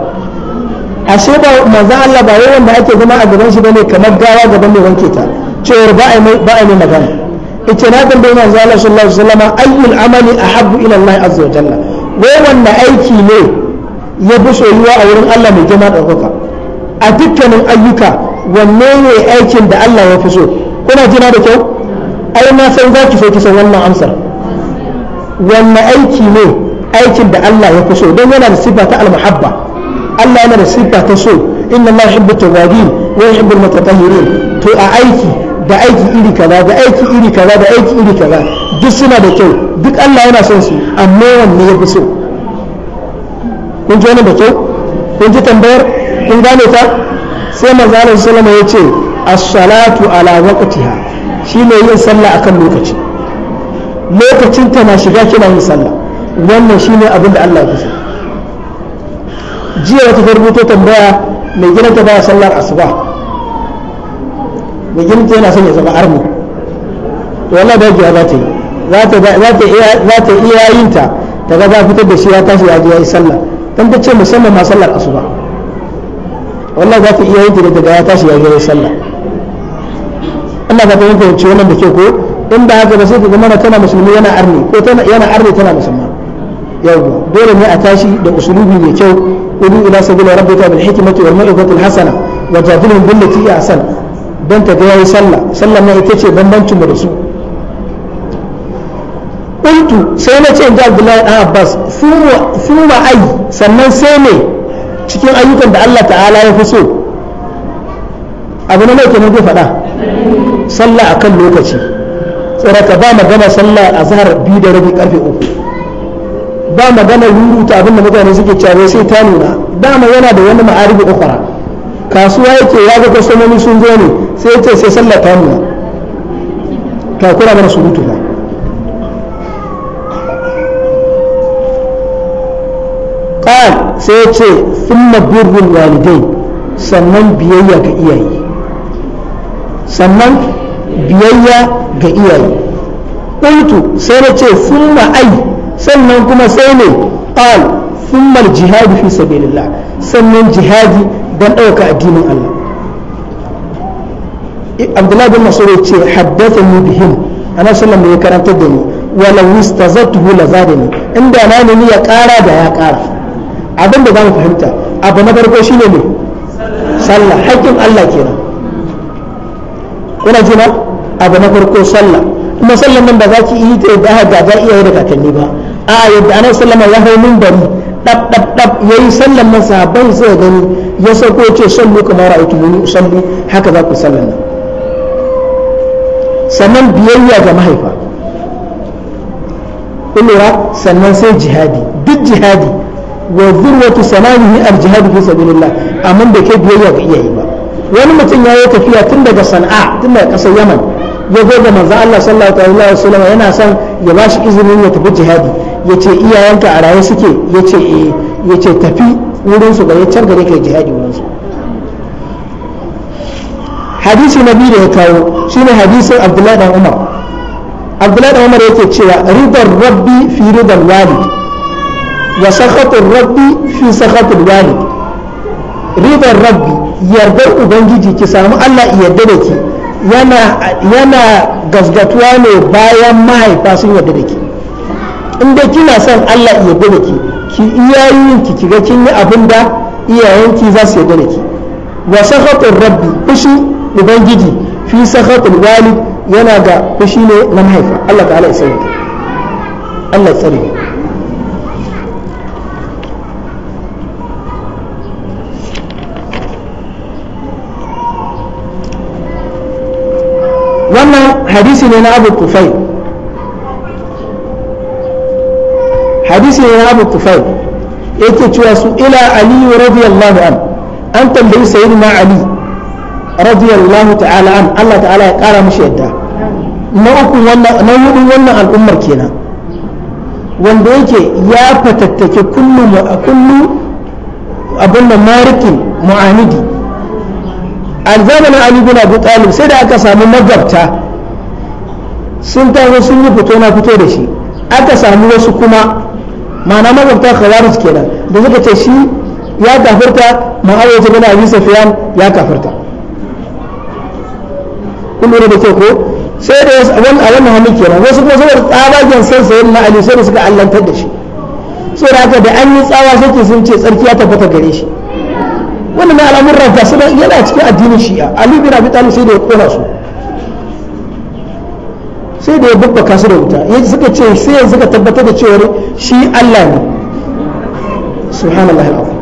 ashe ba manzo Allah ba yayin da ake zama a gaban shi bane kamar gawa gaban mai wanke ta cewa ba ai ba ai magana ita na tambayi manzo Allah sallallahu alaihi wasallama ayyul amali ahabbu ila Allah azza wa jalla wai wanda aiki ne ya fi soyuwa a wurin Allah mai girma ɗaukaka a dukkanin ayyuka wanne ne aikin da Allah ya fi so kuna jina da kyau ai na san za ki so ki san wannan amsar wanne aiki ne aikin da Allah ya fi so don yana da siffa ta almuhabba Allah yana da siffa ta so inna ma yuhibbu tawabin wa yuhibbu mutatahhirin to a aiki da aiki iri kaza da aiki iri kaza da aiki iri kaza duk suna da kyau duk Allah yana son su amma wanne ya fi so kun ji wani da kyau kun ji tambayar kun gane ta sai manzo sallama ya ce as-salatu ala waqtiha shine yin sallah akan lokaci lokacin ta na shiga kina yin sallah wannan shine abin da Allah ya fi jiya wata ta rubuto tambaya mai gina ta baya sallar asuba mai gina ta yana son ya zama armi to wallahi da ya za ta yi za ta iya yin ta ta ga ta fitar da shi ya tashi ya je ya yi sallah dan ta ce musamman ma sallar asuba wallahi za ta iya yin ta daga ya tashi ya je ya yi sallah Allah ka tabbata da wannan da ke ko in da haka ba sai ka mana tana musulmi yana arni ko tana yana arni tana musulma yau dole ne a tashi da usulubi mai kyau udu ila sabila rabbika bil hikmati wal mau'izati al hasana wa jadilhum billati hi ahsan dan ta ga yayi sallah sallah ma ita ce bambancin mu da su kultu sai na ce inda abdullahi dan abbas fuma ai sannan sai ne cikin ayyukan da allah ta'ala ya fi so abu na mai kenan faɗa sallah a kan lokaci tsirata ba magana sallah a zahar biyu da rabi karfe uku ba magana ruruta abin da mutane suke cewa sai ta nuna dama yana da wani ma'aribi ukhra kasuwa yake ya ga kwastomomi sun zo ne sai ce sai sallah ta nuna ta kura mana surutu sai ce thumma birrul walidai sannan biyayya ga iyaye sannan biyayya ga iyaye qultu sai na ce thumma ai sannan kuma sai ne qal thumma jihadi fi sabilillah sannan jihadi dan ɗauka addinin Allah Abdullahi bin Mas'ud ya ce haddathani bihim ana sallam ya karantar da ni walau istazatuhu lazadani inda na ne ya kara da ya kara abin da za mu fahimta abu na farko shine ne sallah haƙƙin Allah kenan kuna jina abu na farko sallah kuma sallan nan ba za ki yi ta da haka ga iya da kakanni ba a yadda annabi sallama ya hau min bari dab dab dab yayi sallan nan sahabbai sai gani ya sako ya ce sallu kamar ra'aytu muni usalli haka za ku sallan nan sannan biyayya ga mahaifa kun sannan sai jihadi duk jihadi wa zurwatu sanamihi al-jihad fi sabilillah amma da ke biyayya ga iyaye ba wani mutum ya yi tafiya tun daga sana'a tun daga kasar yaman ya zo ga manzo Allah sallallahu alaihi wasallam yana son ya ba shi izinin ya tafi jihadi ya ce iyayenka a raye suke ya ce eh, ya ce tafi wurin su ga ya carga da kai jihadi wurin su hadisi na biyu da ya kawo shine hadisin Abdullahi dan Umar Abdullahi dan Umar yake cewa ridar rabbi fi ridar walid wa sakhatun rabbi fi sakhatul walid ridar rabbi yardar ubangiji ki samu Allah yarda da ki yana gasgatuwa ne bayan mahaifa sun yarda da ki in dai kina son Allah yarda da ki ki iyayen ki kiga kin yi abin da iyayen ki za su yarda da ki wa sakhatun rabbi fushi ubangiji fi sakhatul walid yana ga fushi ne na mahaifa Allah ta'ala ya sani Allah sani hadisi ne na abu tufai yake cewa su ila aliyu radiyallahu an an tambayi sayyidina ali radiyallahu ta'ala an Allah ta'ala ya kara mishi yadda na wannan al'ummar kenan wanda yake ya fatattake kullu kullu abin da marikin mu'anidi a zamanin ali bin abu talib sai da aka samu magabta sun taho sun yi fito na fito da shi aka samu wasu kuma ma'ana mazabta khawarij kenan da suka ce shi ya kafirta ma'awai aure bin abi safiyan ya kafirta kun da ke ko sai da wasu abin abin hannu kenan wasu kuma saboda tsabagen san sayan na ali sai da suka allantar da shi saboda haka da an yi tsawa sai sun ce tsarki ya tabbata gare shi wannan alamun rafa suna yana cikin addinin shi'a ali bin abi talib sai da ya kona su sai da ya babbaka kasu da wuta yaji suka ce sai yanzu ka tabbatar da cewa shi Allah ne Subhanallah. alazim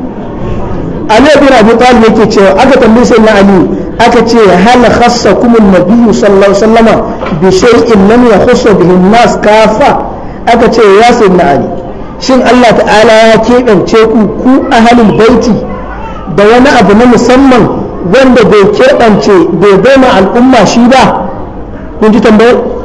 Ali bin Abi Talib yake cewa aka tambaye sayyidina Ali aka ce hal khassakum an-nabiy sallallahu alaihi wasallama bi shay'in lam yakhussu bihi an-nas kafa aka ce ya na Ali shin Allah ta'ala ya keɓance ku ku ahalul baiti da wani abu na musamman wanda bai keɓance bai bai al'umma shi ba kun ji tambayar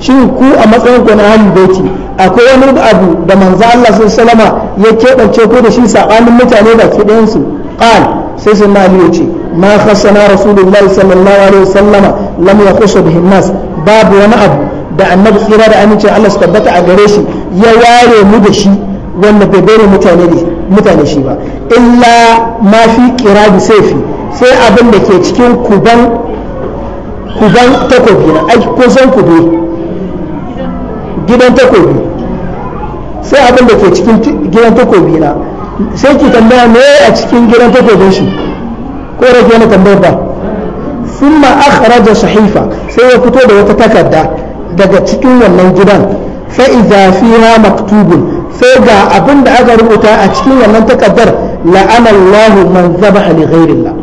Shin ku a matsayin ku na ahlul baiti akwai wani abu da manzo Allah sun salama ya keɓance ko da shi sabanin mutane baki ɗayan su qal sai sai mali ya ce ma khassana rasulullahi sallallahu alaihi wasallam lam yakhusu bihi nas babu wani abu da annabi tsira da amincin Allah su tabbata a gare shi ya ware mu da shi wanda bai bare mutane mutane shi ba illa ma fi qirabi sayfi sai abin da ke cikin kuban kuban takobi na ai kusan kube gidan takobi sai abin da ke cikin gidan takobi na sai ki tambaya me a cikin gidan takobin shi ko rage na tambayar ba summa da sahifa sai ya fito da wata takarda daga cikin wannan gidan fa idza fiha maktubun sai ga abin da aka rubuta a cikin wannan takardar la'ana Allahu man zabaha li ghairillah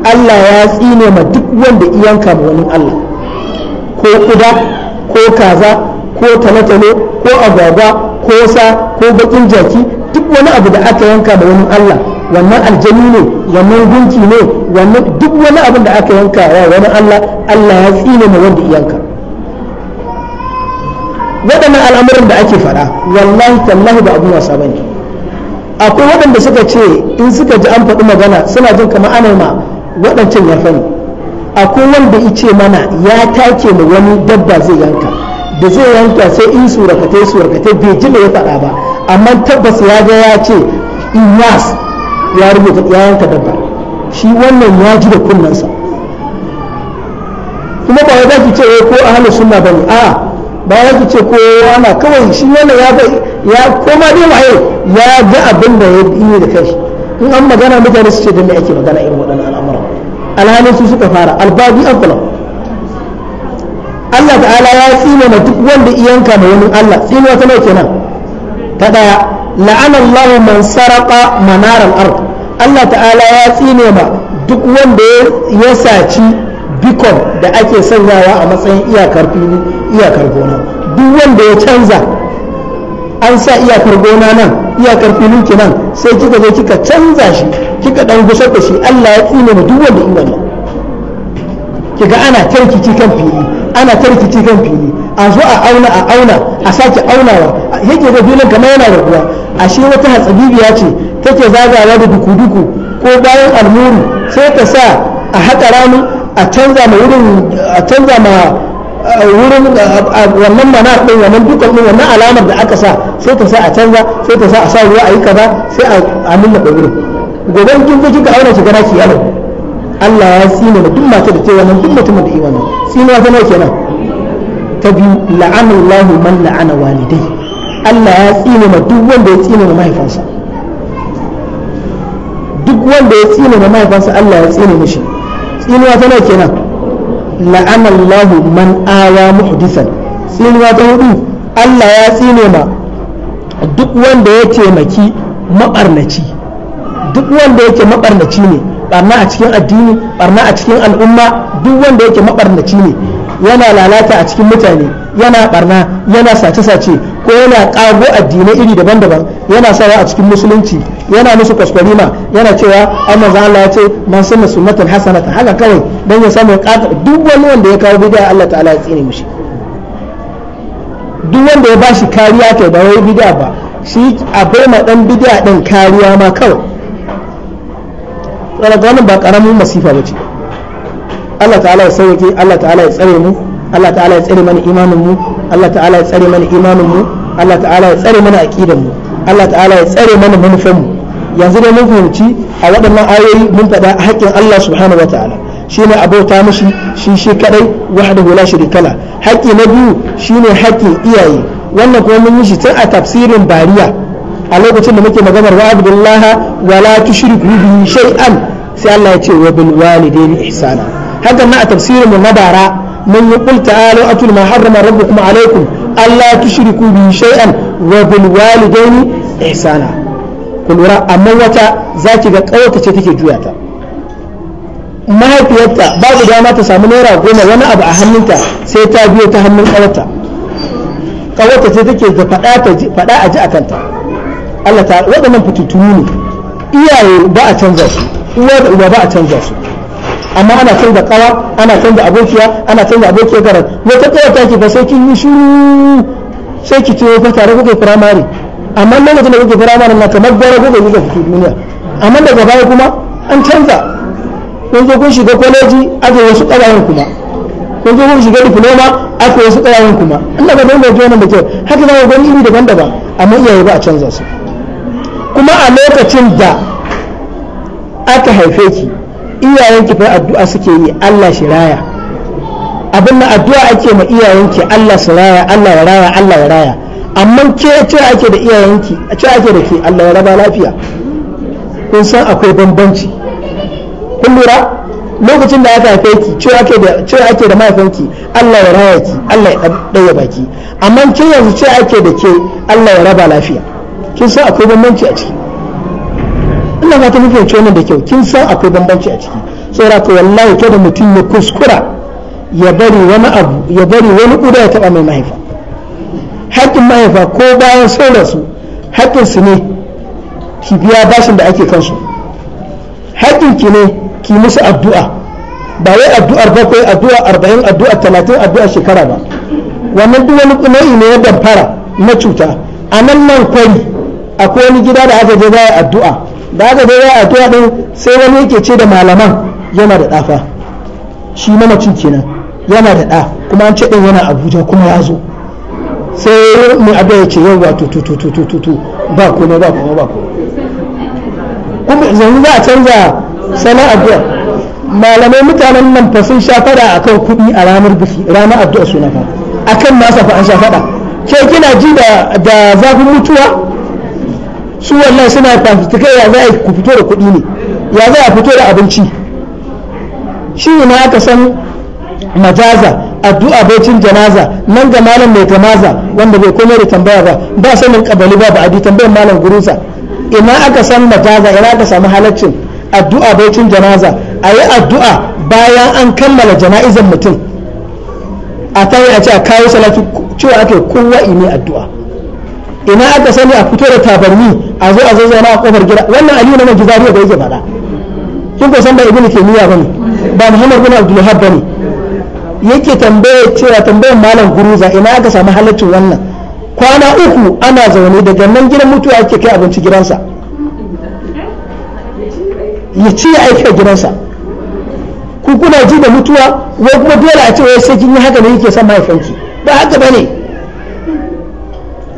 Allah ya tsine ma duk wanda iyanka ma wani Allah ko kuda ko kaza ko talatalo ko agwagwa ko sa ko bakin jaki duk wani abu da aka yanka da wani Allah wannan aljani ne wannan gunki ne wannan duk wani abu da aka yanka wa wani Allah Allah ya tsine ma wanda iyanka waɗannan al'amuran da ake faɗa wallahi tallahi ba abin wasa bane akwai waɗanda suka ce in suka ji an faɗi magana suna jin kamar ana ma waɗancan ya fani akwai wanda ya ce mana ya take mu wani dabba zai yanka da zai yanka sai in surakate surakate bai ji ya faɗa ba amma tabbas ya ga ya ce yas, ya rubuta ya yanka dabba shi wannan ya ji da kunnensa kuma ba za ki ce ko ahlus sunna ba ne a, ba za ki ce ko ana kawai shi wannan ya ga ya koma dai waye ya ga abin da ya yi da kai in an magana mutane su ce da me ake magana irin waɗannan al'amuran alhalin su suka fara albabi aflam Allah ta'ala ya tsina ma duk wanda iyanka mai wani Allah tsinuwa ta nauke kenan, ta daya la'ana Allah man saraka manaral ard Allah ta'ala ya tsine ma duk wanda ya saci bikon da ake sanyawa a matsayin iyakar fili iyakar gona duk wanda ya canza an sa iyakar gona nan iyakar filin ki nan sai kika je kika canza shi kika dan gusar da shi Allah ya tsine ma duk wanda in wannan kiga ana tarkici kan fili ana ta rikici kan fili a zo a auna a auna a sake aunawa yake da filin kama yana a ashe wata hatsabibiya ce take zagawa da duku-duku ko bayan almuru sai ta sa a haƙa ranu a canza ma wurin a canza ma wurin wannan mana ɗin wannan dukkan ɗin wannan alamar da aka sa sai ta sa a canza sai ta sa a sa ruwa a yi kaza sai a nuna da gobe kin ga kika auna shiga naki yalo Allah ya da mutum mata da ta wannan duk mutumin da imanin wannan ta nawa kenan ta biyu la'anallahu man la'ana walidai Allah ya tsine ma duk wanda ya tsine ma mahaifansa duk wanda ya tsine ma mahaifansa Allah ya tsine mishi tsinuwa ta nawa kenan la'anallahu man awa muhdisan tsinuwa ta hudu Allah ya tsine ma duk wanda ya taimaki mabarnaci duk wanda yake mabarnaci ne barna a cikin addini barna a cikin al'umma duk wanda yake mabarnaci ne yana lalata a cikin mutane yana barna yana sace-sace ko yana kago addinai iri daban-daban yana sawa a cikin musulunci yana musu ma yana cewa an manzan Allah ya ce man sunna sunnatan hasanatan haka kawai dan ya samu duk wani wanda ya kawo bid'a Allah ta'ala ya tsine mishi duk wanda ya bashi kariya to ba wai bid'a ba shi a bai ma dan bid'a din kariya ma kawai wadanda wannan ba karamin masifa ba ce Allah ta'ala ya sauke Allah ta'ala ya tsare mu Allah ta'ala ya tsare mana imanin mu Allah ta'ala ya tsare mana imanin mu Allah ta'ala ya tsare mana aqidan mu Allah ta'ala ya tsare mana manufan mu yanzu dai mun fahimci a waɗannan ayoyi mun faɗa haƙƙin Allah subhanahu wa ta'ala ne abota mishi shi shi kadai hula la kala. haƙƙi na biyu shine haƙƙin iyaye wannan kuma mun yi shi tun a tafsirin bariya a lokacin da muke maganar wa abdullaha wala tushriku bihi shay'an sai Allah ya ce wa bil walidaini ihsana haka na a tafsirin mu na bara mun yi qul ta'alu atul ma harrama rabbukum alaykum alla tushriku bi shay'an wa bil walidaini ihsana ku lura amma wata zaki ga kawata ce take juya ta mahaifiyarta babu dama ta samu naira goma wani abu a hannunta sai ta biyo ta hannun kawata kawata ce take da faɗa a ji a kanta Allah ta waɗannan fitattunu ne iyaye ba a canza su uwa da uba ba a canza su amma ana canza kawa ana canza abokiya ana canza abokiyar garan wata kawa ta ke sai kin yi shiru sai ki ce fa tare kuke firamare amma lokacin da kuke firamare na kamar gwara kuke kuka fito duniya amma daga baya kuma an canza kun zo kun shiga kwaleji ake wasu kawayen kuma kun zo kun shiga diploma ake wasu kawayen kuma ina ka dai ji da kyau haka zama ku gani iri daban-daban amma iyaye ba a canza su kuma a lokacin da aka haife ki iyayenki fa addu'a suke yi Allah shi raya abin da addu'a ake ma iyayenki Allah su raya Allah ya raya Allah ya raya amma ke ce ake da iyayenki ce ake da ke Allah ya raba lafiya kun san akwai bambanci kun lura lokacin da aka haife ki ce ake da ce ake da ki Allah ya raya ki Allah ya daya baki amma ke yanzu ce ake da ke Allah ya raba lafiya kin san akwai bambanci a ciki ina fata muke ce wannan da kyau kin san akwai bambanci a ciki saboda ka wallahi da mutum ya kuskura ya bari wani abu ya bari wani kuda ya taba mai mahaifa haƙƙin mahaifa ko bayan sauran su haƙƙin su ne ki biya bashin da ake kansu haƙƙin ki ne ki musu addu'a ba wai addu'ar bakwai addu'a arba'in addu'a talatin addu'a shekara ba wannan duk wani nau'i ne ya damfara na cuta a nan nan kwari akwai wani gida da aka je za a addu'a da aka je za a addu'a din sai wani yake ce da malaman yana da ɗafa shi cin kenan yana da ɗa kuma an ce ɗin yana abuja kuma ya zo sai mu abu ya ce yawa to to to to to to ba kuma ba kuma ba kuma yanzu za a canza salon addu'a malamai mutanen nan fa sun sha fada akan kuɗi a ranar biki ranar addu'a suna fa akan nasa fa an sha fada ke kina ji da zafin mutuwa su wannan suna fafutukai ya za a ku fito da kuɗi ne ya za a fito da abinci shi ne aka san majaza addu'a bacin janaza nan ga malam mai tamaza wanda bai komai da tambaya ba ba sanin kabali ba ba a tambayar malam gurusa ina aka san majaza ina aka samu halaccin addu'a bacin janaza a yi addu'a bayan an kammala jana'izar mutum a tayi a ce a kawo salatu cewa ake kowa ne addu'a ina aka sani a fito da tabarni a zo a zazzauna a kofar gida wannan aliyu na magizari da yake faɗa kin ko san ba ibnu taymiya bane ba muhammad bin abdul wahab bane yake tambaye cewa tambayar malam guruza ina aka samu halaccin wannan kwana uku ana zaune da nan gidan mutuwa yake kai abinci gidansa ya ci ya aiki a gidansa ku kuna ji da mutuwa wai kuma dole a ce wai sai kin yi haka ne yake son mahaifanki ba haka bane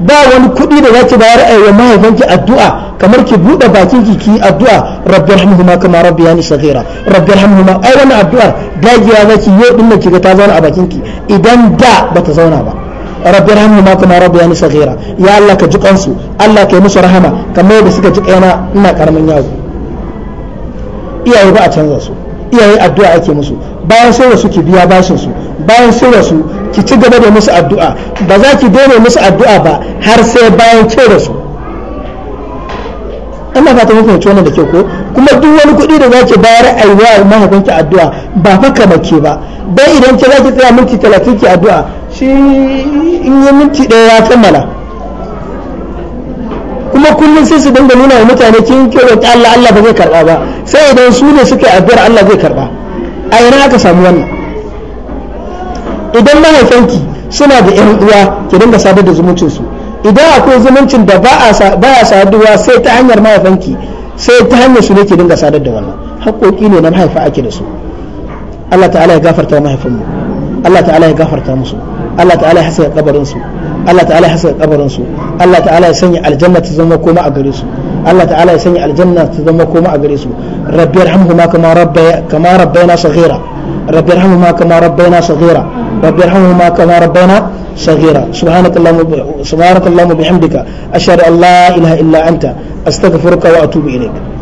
ba wani kuɗi da zaki bayar a wa mahaifanki addu'a kamar ki buɗe bakin ki ki addu'a rabbi rahmuhuma kama rabbi yani saghira rabbi rahmuhuma ai wannan addu'ar dagiya zaki yau din da kiga ta zauna a bakin ki idan da ba ta zauna ba rabbi rahmuhuma kama rabbi yani saghira ya Allah ka ji kansu Allah ka yi musu rahama kamar yadda suka ji kaina ina karamin yawo iyaye ba a canza su iyaye addu'a ake musu bayan sai wasu ki biya bashin su bayan sai wasu ki ci gaba da musu addu'a ba za ki daina musu addu'a ba har sai bayan da su ina ba ta mafi wannan da ke ko kuma duk wani kuɗi da zaki bayar a yi wa mahaifinki addu'a ba fa ke ba dan idan ki zaki tsaya minti talatin ki addu'a shi in yi minti ɗaya ya kammala kuma kullum sai su dinga nuna wa mutane kin ta Allah Allah ba zai karba ba sai idan su ne suka yi addu'ar Allah zai karba a yana aka samu wannan idan mahaifanki suna da yan uwa ki dinga sadar da zumuncin su idan akwai zumuncin da ba a saduwa sai ta hanyar mahaifanki sai ta hanyar su ne ki dinga sadar da wannan haƙoƙi ne na mahaifa ake da su Allah ta'ala ya gafarta mahaifinmu Allah ta'ala ya gafarta musu Allah ta'ala ya hasa kabarin su Allah ta'ala ya haska kabarin su Allah ta'ala ya sanya aljanna ta zama koma a gare su Allah ta'ala ya sanya aljanna ta zama koma a gare su rabbi irhamhuma kama rabbaya kama rabbayna saghira rabbi irhamhuma kama rabbayna saghira rabbi irhamhuma kama rabbayna saghira subhanaka allahumma bihamdika ashhadu an la ilaha illa anta astaghfiruka wa atubu ilaik